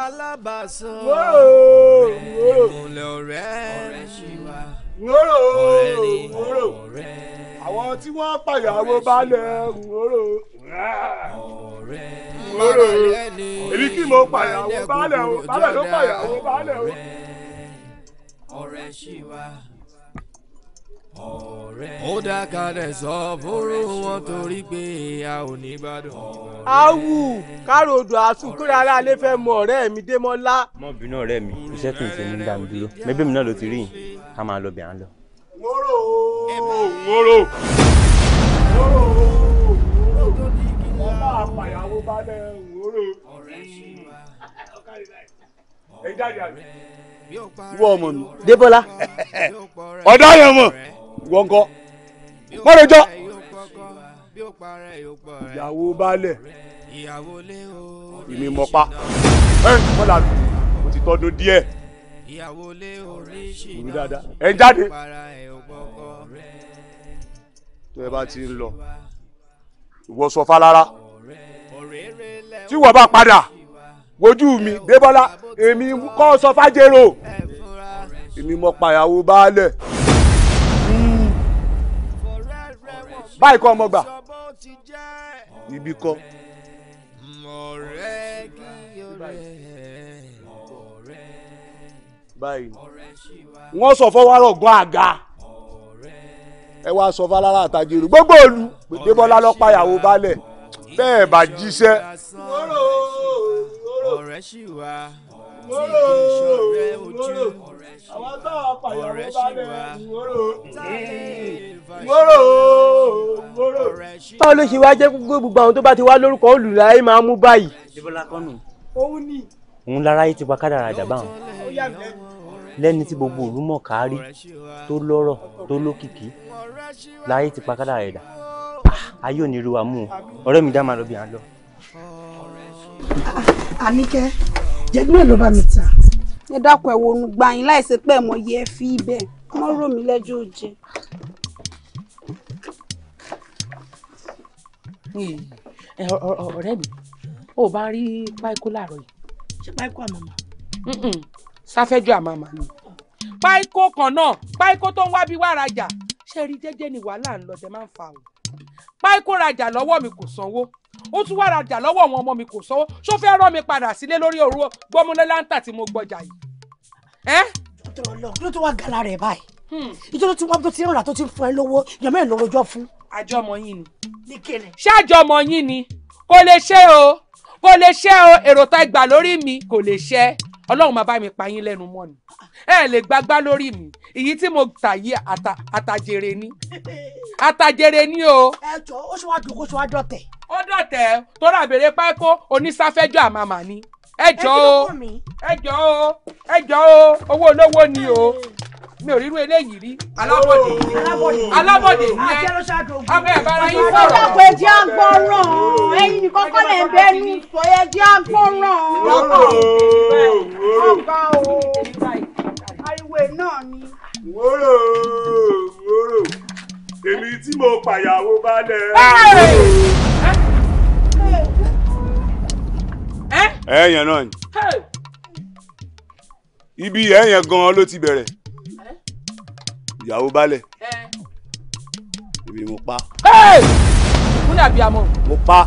alábàásán ìmùlẹ̀ ọ̀rẹ́ ó ńlọrọ ńlọrọ àwọn tí wọ́n pàyàwó balẹ̀ ńlọrọ ńlọrọ èmi kí mo pàyàwó balẹ̀ o balẹ̀ ló pàyàwó balẹ̀ o. ọ̀rẹ́ ṣì wá ó dákalẹ̀ sọ fóró wọn torí pé a ò ní ìbàdàn. awu káròdò àsùnkúrẹ́ aláàlẹ́ fẹ́ mọ ọ̀rẹ́ mi Démọ́lá. mọ bínú ọ̀rẹ́ mi iṣẹ́ kì í ṣe ní gbàǹdúró mẹbí mi náà ló ti rí yìí ká máa lọ bẹ̀rẹ̀ lọ. wóró wóró wóró wóró wóró máa pàyàwó bá dẹ wóró. ẹ jáde àbí. ìwọ ọmọ mi débọlá ọ̀dọ́ yẹn mọ̀ gbọ̀ngàn mọ́rọ̀jọ́ ìyàwó baálẹ̀ ìmìmọ̀pá ẹ̀ mọ́lá mo ti tọdún díẹ̀ ìyàwó lé oríṣiríṣi ẹ jáde tó ẹ bá ti ń lọ ìwọ sọ fálára tí wọ́n bá padà wojú mi débọ́lá èmi kọ́ sọ fájèrò èmi mọ pàyàwó baálẹ̀ báyìí kọ́ ọmọ gbà ibi kọ́. báyìí wọ́n sọ fọwọ́rọ̀ gan àga ẹ wá sọ fálára àtàjèrè gbogbo olú gbèdébọ́lá lọ́pàyàwó balẹ̀ bẹ́ẹ̀ bá jíṣẹ́. ọ̀rẹ́ ṣì wá ọ̀rẹ́ ìṣọ̀rẹ́ ojú àwọn tó àpàyàwó balẹ̀ wóró wóró. báwo ló ṣe wá jẹ́ gbogbo àwọn tó bá ti wá lórúkọ olùlàyé máa mú báyìí. òun ni òun lára yìí ti pa kádàrá àjàgbá hàn lẹ́ni tí gbogbo òru mọ̀ kárí tó lọ́rọ̀ tó lókìkí láyé ti pa kádàrá ẹ̀dá ah, ayé ò ní ru wa mú o ọ̀rẹ́ mi dá máa lọ bí à ń lọ. Ah, àníkẹ́ jẹ́gbẹ́ ló bá mi ta. ẹ dákun ẹ wo òun gba yín láìsí pé ẹ mọ iye ẹ fi ibẹ̀ wọ́n rò mí lẹ́jọ́ òjẹ́. ọ̀rẹ́ mi ò bá rí páíkó láàárọ̀ yìí ṣé páíkó àmàmà. sáfẹ́jọ́ àmàmà ni páíkó kan náà páíkó tó ń wá bí wàá rajà ṣé rí jẹ́jẹ́ ni wàhálà ń lọ jẹ máa ń fa o páíkó rajà lọ́wọ́ mi kò sanwó ó tún wá rajà lọ́wọ́ àwọn ọmọ mi kò sanwó ṣó fẹ́ rán mi padà sílé lórí òru gbọ́múlé láńtà tí mo gbọ́jà yìí. kí ló tó wá gala rẹ̀ báyìí ìjọba tí wọn ti rà tó ti fún ẹ lówó yọmọ ẹ lọ́rọ̀ jọ fún. àjọmọ yín ni. ní kéde. ṣé àjọmọ yín ni kò lè ṣe o kò lè ṣe o èrò tá gbà lórí mi kò lè ṣe ọlọ́run máa bá mi pa yín lẹ́nu mọ́ ni ẹ lè gbagbá lórí mi èyí tí mo tà yí àtàjèrè ni àtàjèrè ni o. ẹ jọ ó ṣe wáá dùnkó ṣe wáá dọ̀tẹ̀. ó dọ̀tẹ̀ tó rà bèrè pákó onísáfẹ́jọ́ àmàmà ni ẹ jọ o ẹ jọ o ẹ jọ o owó olówó ni o mi ò rírú eléyìí rí alábọ̀dé oh. alábọ̀dé ni ẹ ọmọ ẹ̀ bára yín sọ̀rọ̀. ìfọwọ́sọ̀kọ̀ ẹ̀jẹ̀ á gbọ́ràn ẹ̀yin nìkan kọ́ lẹ̀ ń bẹ́nu ìfọ̀ ẹ̀jẹ̀ á gbọ́ràn. o ariwo náà ni. wóró wóró èmi tí mo pàyàwó bá lẹ. ẹ̀yàn náà ni ibi ẹ̀yàn gan-an ló ti bẹ̀rẹ̀ ìyàwó balẹ̀ èmi mo pa. mo àbí amọ̀. mo pa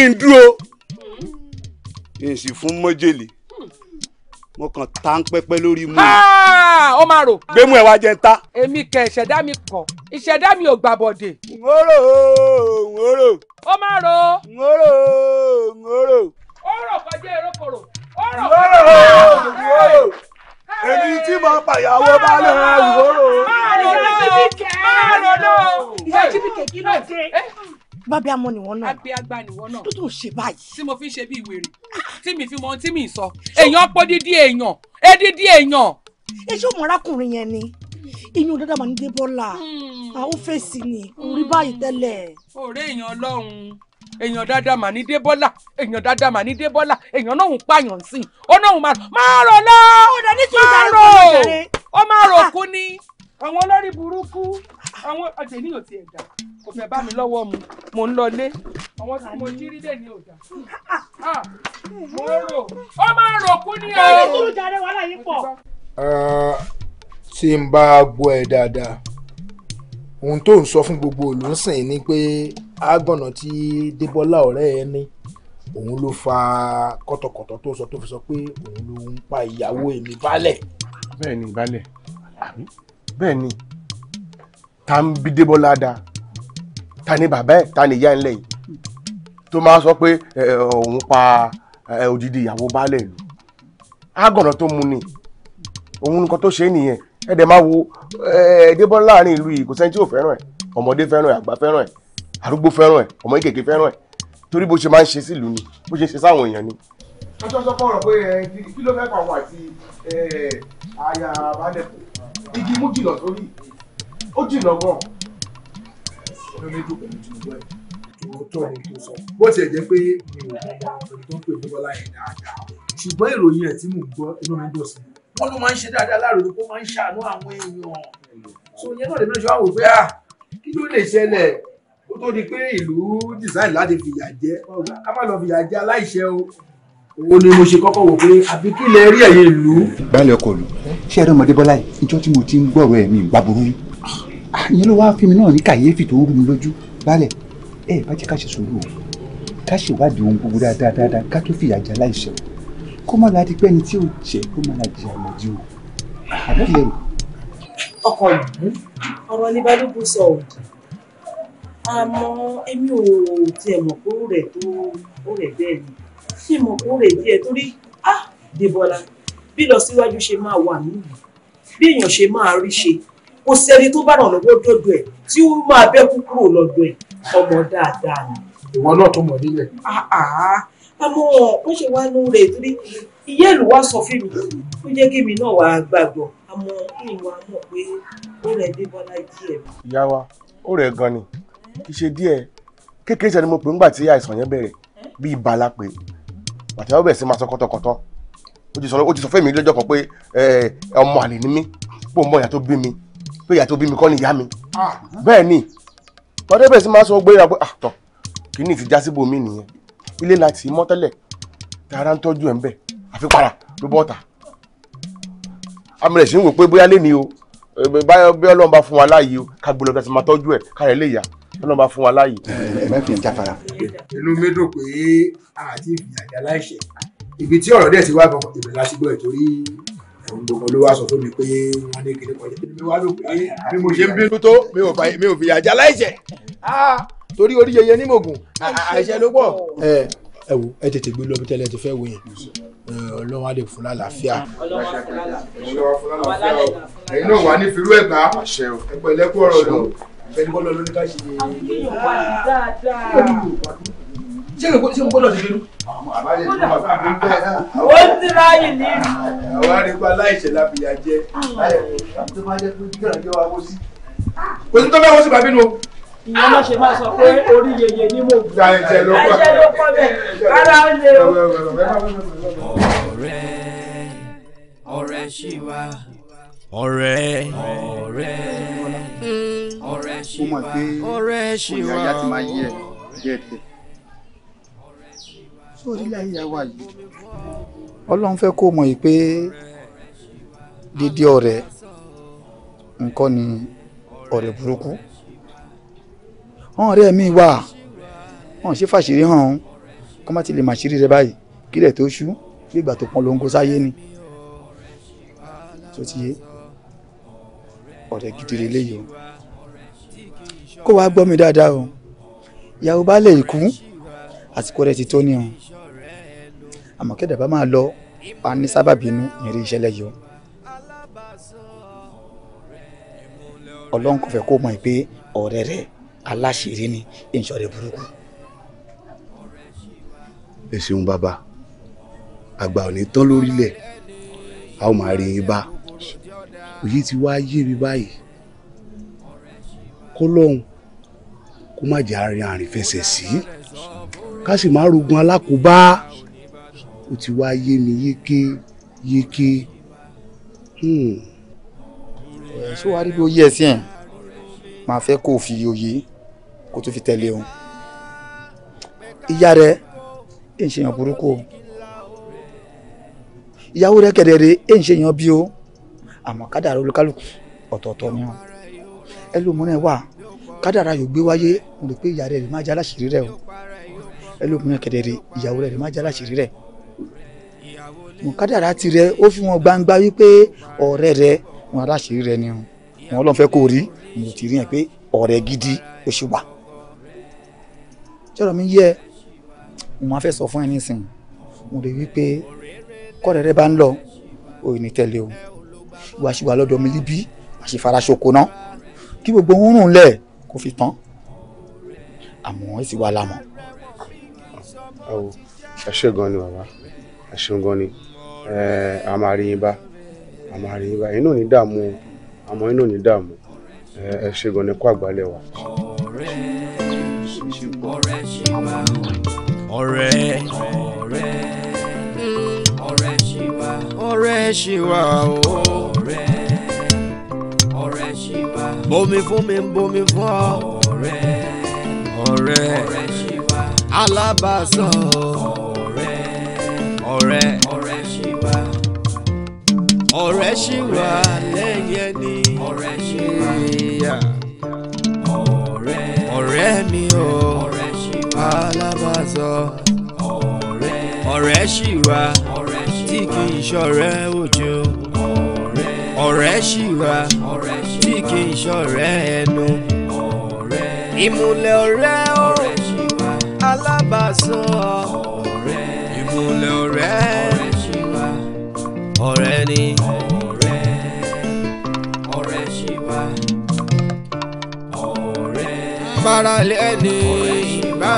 ń dúró ń sì fún mọ́jèlé mo kàn ta ń pẹ́pẹ́ lórí mu. ó máa rò. gbé mu ẹ̀ wá jẹ́ ń ta. èmi kẹ ìṣẹ̀dá mi kọ̀ ìṣẹ̀dá mi ò gbàbọ̀dè. n ó ó máa rò. n ó ó rò. kọjá èrò kòrò. ó èmi tí mo pàyàwó bá lè rẹ ìwòrò. ìyá jíbìkẹ́ kí ló dé. bábí amọ nìwọ náà. àgbẹ̀ àgbà nìwọ náà. tó tó ṣe báyìí. tí mo fi ń ṣe bí ìwèrè tí mi fi mọ ohun tí mi sọ èèyàn pọ̀ dídí èèyàn édídí èèyàn. iṣẹ́ òmùrákùnrin yẹn ni iyún dáadáa mà ní débọ́là àwọn hmm. fèsì ni orí báyìí tẹ́lẹ̀. ọ̀rẹ́ èèyàn ọlọ́run èèyàn dáadáa mà ní débọ́là èèyàn dáadáa mà ní débọ́là èèyàn náà ń pààyàn sí i ó náà ń máa máa rò lọ máa rò ó máa rò ah, ah. kú ni àwọn olórí burúkú àwọn ọ̀tẹ̀ ní òtí ẹ̀dá kò fẹ́ bá mi lọ́wọ́ mu mo ń lọlé àwọn tí mo jí rí dẹ̀ ní ọjà mo rò ó máa rò kú ni o. Ah, tí n bá gbọ́ ẹ dáadáa ohun tó ń sọ fún gbogbo ìlú ń sìn ni pé àgbọ̀nà tí débọ́lá ọ̀rẹ́ ẹ ní òun ló fa kọ́tọ̀kọ́tọ̀ tó sọ tó fi sọ pé òun ló ń pa ìyàwó èmi balẹ̀. bẹ́ẹ̀ ni balẹ̀ bẹ́ẹ̀ ni ta ń bí débọ́lá da ta ni bàbá ẹ̀ ta ni ìyá ẹ̀ ńlẹ̀ yìí tó máa sọ pé òun pa odidi ìyàwó balẹ̀ lù àgbọ̀nà tó mu ni òun nǹkan tó ṣe é nìyẹn ẹ dẹ̀ máa wo ẹ̀ẹ́dẹ́bọ́n láàrin ìlú yìí kò sẹ́ni tí ò fẹ́ràn ẹ̀ ọmọdé fẹ́ràn ẹ̀ àgbà fẹ́ràn ẹ̀ arúgbó fẹ́ràn ẹ̀ ọmọ kékeré fẹ́ràn ẹ̀ torí bó ṣe máa ń ṣe sílùú ni bó ṣe ń ṣe sáwọn èèyàn ni. ọjọ́ sọ fọ́ọ̀rọ̀ pé kí ló fẹ́ pàwọ́ àti àyà àbádẹ́kù igi mú jìnnà sórí ó jìnnà gan. bó tiẹ̀ jẹ́ pé mi ò mọ ọmọ tó ń pè ní bọ́lá yẹn dáadáa ṣùgbọ́n ìròyìn ẹ̀ tí mò ń gbọ́ inú mi dùn sí i wọn ló máa ń ṣe dáadáa láròó kó máa ń ṣàánú àwọn èèyàn so yẹn náà lè náà ṣe wá wò pé à ah, kí ló lè ṣẹlẹ̀ ó tó di pé ìlú design láti fìyà jẹ ọgbà ká má lọ fìyà jẹ aláìṣẹ o òun ni mo ṣe kọ́kọ́ wò pé àbí kí lè rí ẹ̀yìn ìlú. balẹ̀ ọkọ lù ṣé ẹ̀rọ ọmọdé bọ́lá yìí ìjọ tí mo ti ń gbọ́rọ̀ ẹ̀mí ìgbà burú ah, ìyẹn ló wá fi mi náà ní kàyéfì tó rú mi lójú balẹ̀ ẹ bá jẹ́ ká ṣe sùúrù o ká ṣèwádìí ohun gbogbo dáadáa ká tó fìyà jẹ aláìṣẹ̀ o kó má láti pẹ́ni tí ò jẹ́ kó má láti jẹ́ àmọ́jú o àbílẹ̀ o. ọkọ ìlú ọ̀rọ̀ ní balógun sọ ò àmọ́ èmi ò tiẹ̀ mọ̀ kó rẹ̀ tó ó rẹ̀ bẹ́ẹ̀ ni ṣé mo kó rẹ̀ díẹ̀ torí ah Débọ́lá bí lọ síwájú ṣe máa wà nílùú bí èèyàn ṣe máa rí ṣe kò sẹ́ni tó bá ràn lọ́wọ́ dọ́dọ̀ ẹ̀ tí ó máa bẹ́kú kúrò lọ́dọ̀ ẹ̀ ọmọ dáadáa ni. ìwọ náà tó mọ̀ nílẹ̀ àmọ́ ó ṣe wá lóore torí ìyá ìlú wa sọ fún mi ó jẹ́ kí èmi náà wà á gbàgbọ́ àmọ́ ìwà mọ̀ pé ó rẹ̀ dé bọ́lá díẹ̀. ìyá wa ó rẹ̀ gan ni kì í ṣe díẹ̀ kékeré ṣe ni mo pè ńgbà tí àìsàn yẹn bẹ̀rẹ̀ bí ibà la pè bàtí wọ́n bẹ̀rẹ̀ sí máa sọ kọ́tọ̀kọ́tọ̀ ó ti sọ ó ti lọ́jọ́ kan pé ọmọ àlè ni mí pé òun mọ ìyá tó bí mi pé ìyá tó bí mi kọ́ ni ìyá mi ah. bẹ́ẹ̀ ni bàtí wọ́n bẹ̀rẹ̀ sí máa sọ gbé ìyá pé àtọ̀ ah, kí ni ìtìjásíbò mi nìyẹn ilé la tì í mọ́ tẹ́lẹ̀ tààrà ń tọ́jú ẹ̀ ń bẹ̀ àfi para ló bọ́ ta amúlẹ̀ sí ń wò pé bóyá lé ní o báyọ̀ bí ọlọ́run bá fún wa láàyè o ká gbọ́dọ̀ tẹ̀sí máa tọ́jú ẹ̀ káyọ̀ lè yá ọlọ́run bá fún wa láàyè. ẹ má fi ń jáfara. inú mi dùn pé àti ìyàjà láìṣẹ̀ ibi tí ọ̀rọ̀ dẹ̀ ti wá gbọ̀ngàn ìbẹ̀rẹ̀ láti gbọ́ ìtorí ẹ̀rùn gbọ̀ngàn ló wá sọ fún mi pé wọ́n ní kíní kan yẹn. mi wá rò pé bí mo ṣe ń bínú tó mi ò fi ìyàjà láìṣẹ̀ ah! torí orí yẹyẹ ní mògùn àìṣe ló pọ̀. ẹ wo ẹ tètè gbé lọ tẹ́lẹ̀ ti fẹ́ wo yẹn á lè fún lálàáfíà. ẹ̀yin náà wà ní firú ẹ̀gbá ẹ̀pẹ̀ lẹ́kọ̀ọ́ ọ̀rọ̀ ló fẹ́ni bọ́lá ló ká ṣe. ṣé n gbọ́dọ̀ ti dẹnu. ó ti ráyè ní. àwa rí pa láìṣẹ̀ lábìyà jẹ́ láyẹ̀ tó máa jẹ́ pé kí ọ̀rọ̀ wa wó sí. kò sí tó fẹ́ wọ́n sí bàbí nu o ìyẹn náà ṣe máa sọ pé orí yeye ni mo gbà ẹ̀jẹ̀ ló pọ̀ bẹ́ẹ̀ rárá ó lè o. ọ̀rẹ́ ọ̀rẹ́ ṣì wá ọ̀rẹ́ ọ̀rẹ́ ọ̀rẹ́ ṣì wá ọ̀rẹ́ ṣì wá ọ̀rẹ́ sórí láyé ọlọ́run fẹ́ kó mọ̀ yìí pé dídí ọ̀rẹ́ nǹkan ni ọ̀rẹ́ burúkú hàn rẹ mi wà hàn ṣe fàṣírí hàn ọ́n kọ́ má ti lè màṣírí rẹ báyìí kílẹ̀ tó ṣú bí ìgbà tó pọn lóńgó sáyé ni tó ti yé ọ̀rẹ́ gidi lélẹ́yìí o kó wàá gbọ́ mi dáadáa o ìyàwó bá lè kú àsìkò rẹ̀ ti tó ní o àmọ́ kẹ́dà bá máa lọ pa ní sábàbí inú ìṣẹ̀lẹ̀ yìí o ọlọ́run kò fẹ́ kó mọ̀ pé ọ̀rẹ́ rẹ̀ aláṣìírí ni ìṣọ̀rẹ́ burúkú. ẹ ṣeun bàbá àgbà ò ní tán lórílẹ̀ a ó máa rí yín bá òye ti wá yé mi báyìí kó lóhùn kó má jẹ́ àárín àrìnfẹsẹ̀ sí ká sì má rogun alákòóbá ó ti wá yé mi yéké yéké. ẹ hmm. ṣé wàá rí bí ó yẹ sí ẹ máa fẹ́ kó o fi òye kó tó fi tẹ̀lé òun ìyá rẹ èyí ṣe yàn burúkú o ìyàwó rẹ kẹ̀dẹ̀rẹ̀ èyí ṣe yàn bí o àmọ́ kádàrá olúkálùkù ọ̀tọ̀ọ̀tọ̀ ni wọn ẹlòmíràn wà kádàrá yóò gbé wáyé mo rò pé ìyá rẹ rè má jẹ́ aláṣìírí rẹ o ẹlòmíràn kẹ̀dẹ̀rẹ̀ ìyàwó rẹ rè má jẹ́ aláṣìírí rẹ mọ̀kádàrá ti rẹ ó fi wọn gbangba wípé ọ̀rẹ́ rẹ wọn aláṣìírí rẹ ni wọn lọ́n fẹ́ kó rí mo ti rí yẹn pé ọ̀rẹ́ gidi ó ṣe wà jọ̀rọ̀ mi yẹ mo máa fẹ́ sọ fún ẹ nísìn mo lè wí pé kọ́rẹ́rẹ́ bá ń lọ òyìn ní tẹ̀lé o ìwà ṣì wà lọ́dọ̀ mi líbí àṣìfara ṣoko náà kí gbogbo ń rùn lẹ̀ kó fi tán àmọ́ ẹ ti wà lámọ̀. àwọ̀ ẹ gan ni bàbá ẹ ṣeun gan ni a máa rí yín bá a máa rí yín bá inú ní dààmú àmọ́ inú ní dààmú ẹ ṣe gan ni kó àgbálẹ̀ wà. ọ̀rẹ́ ọ̀rẹ́ ọ̀rẹ́ ọ̀rẹ́ ọ̀rẹ́ ṣì wà ọ̀rẹ́ ṣì wà o ọ̀rẹ́ ọ̀rẹ́ ṣì wà bomi fún mi bomi fún ọ ọ̀rẹ́ ọ̀rẹ́ ọ̀rẹ́ ṣì wà alábàásàn ọ̀rẹ́ ọ̀rẹ́ ọ̀rẹ́ ṣì wà ọ̀rẹ́ ṣì wà ẹni ọ̀rẹ́ ṣì wà ọ̀rẹ́ mi o alábàásọ ọ̀rẹ́ ṣì wà tí kì í ṣọ̀rẹ́ òjò ọ̀rẹ́ ṣì wà tí kì í ṣọ̀rẹ́ ẹnu ìmùlẹ̀ ọ̀rẹ́ o alábàásọ ìmùlẹ̀ ọ̀rẹ́ ọ̀rẹ́ ni. Para lẹ́ni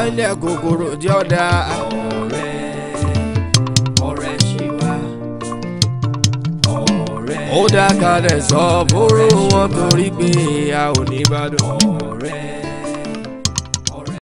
ilẹ̀ kòkòrò tí ó da. ọ̀rẹ́ ọ̀rẹ́ ṣì wá ọ̀rẹ́. ó dákalẹ̀ sọ fóró wọn torí pé a ò ní bá dùn. ọ̀rẹ́.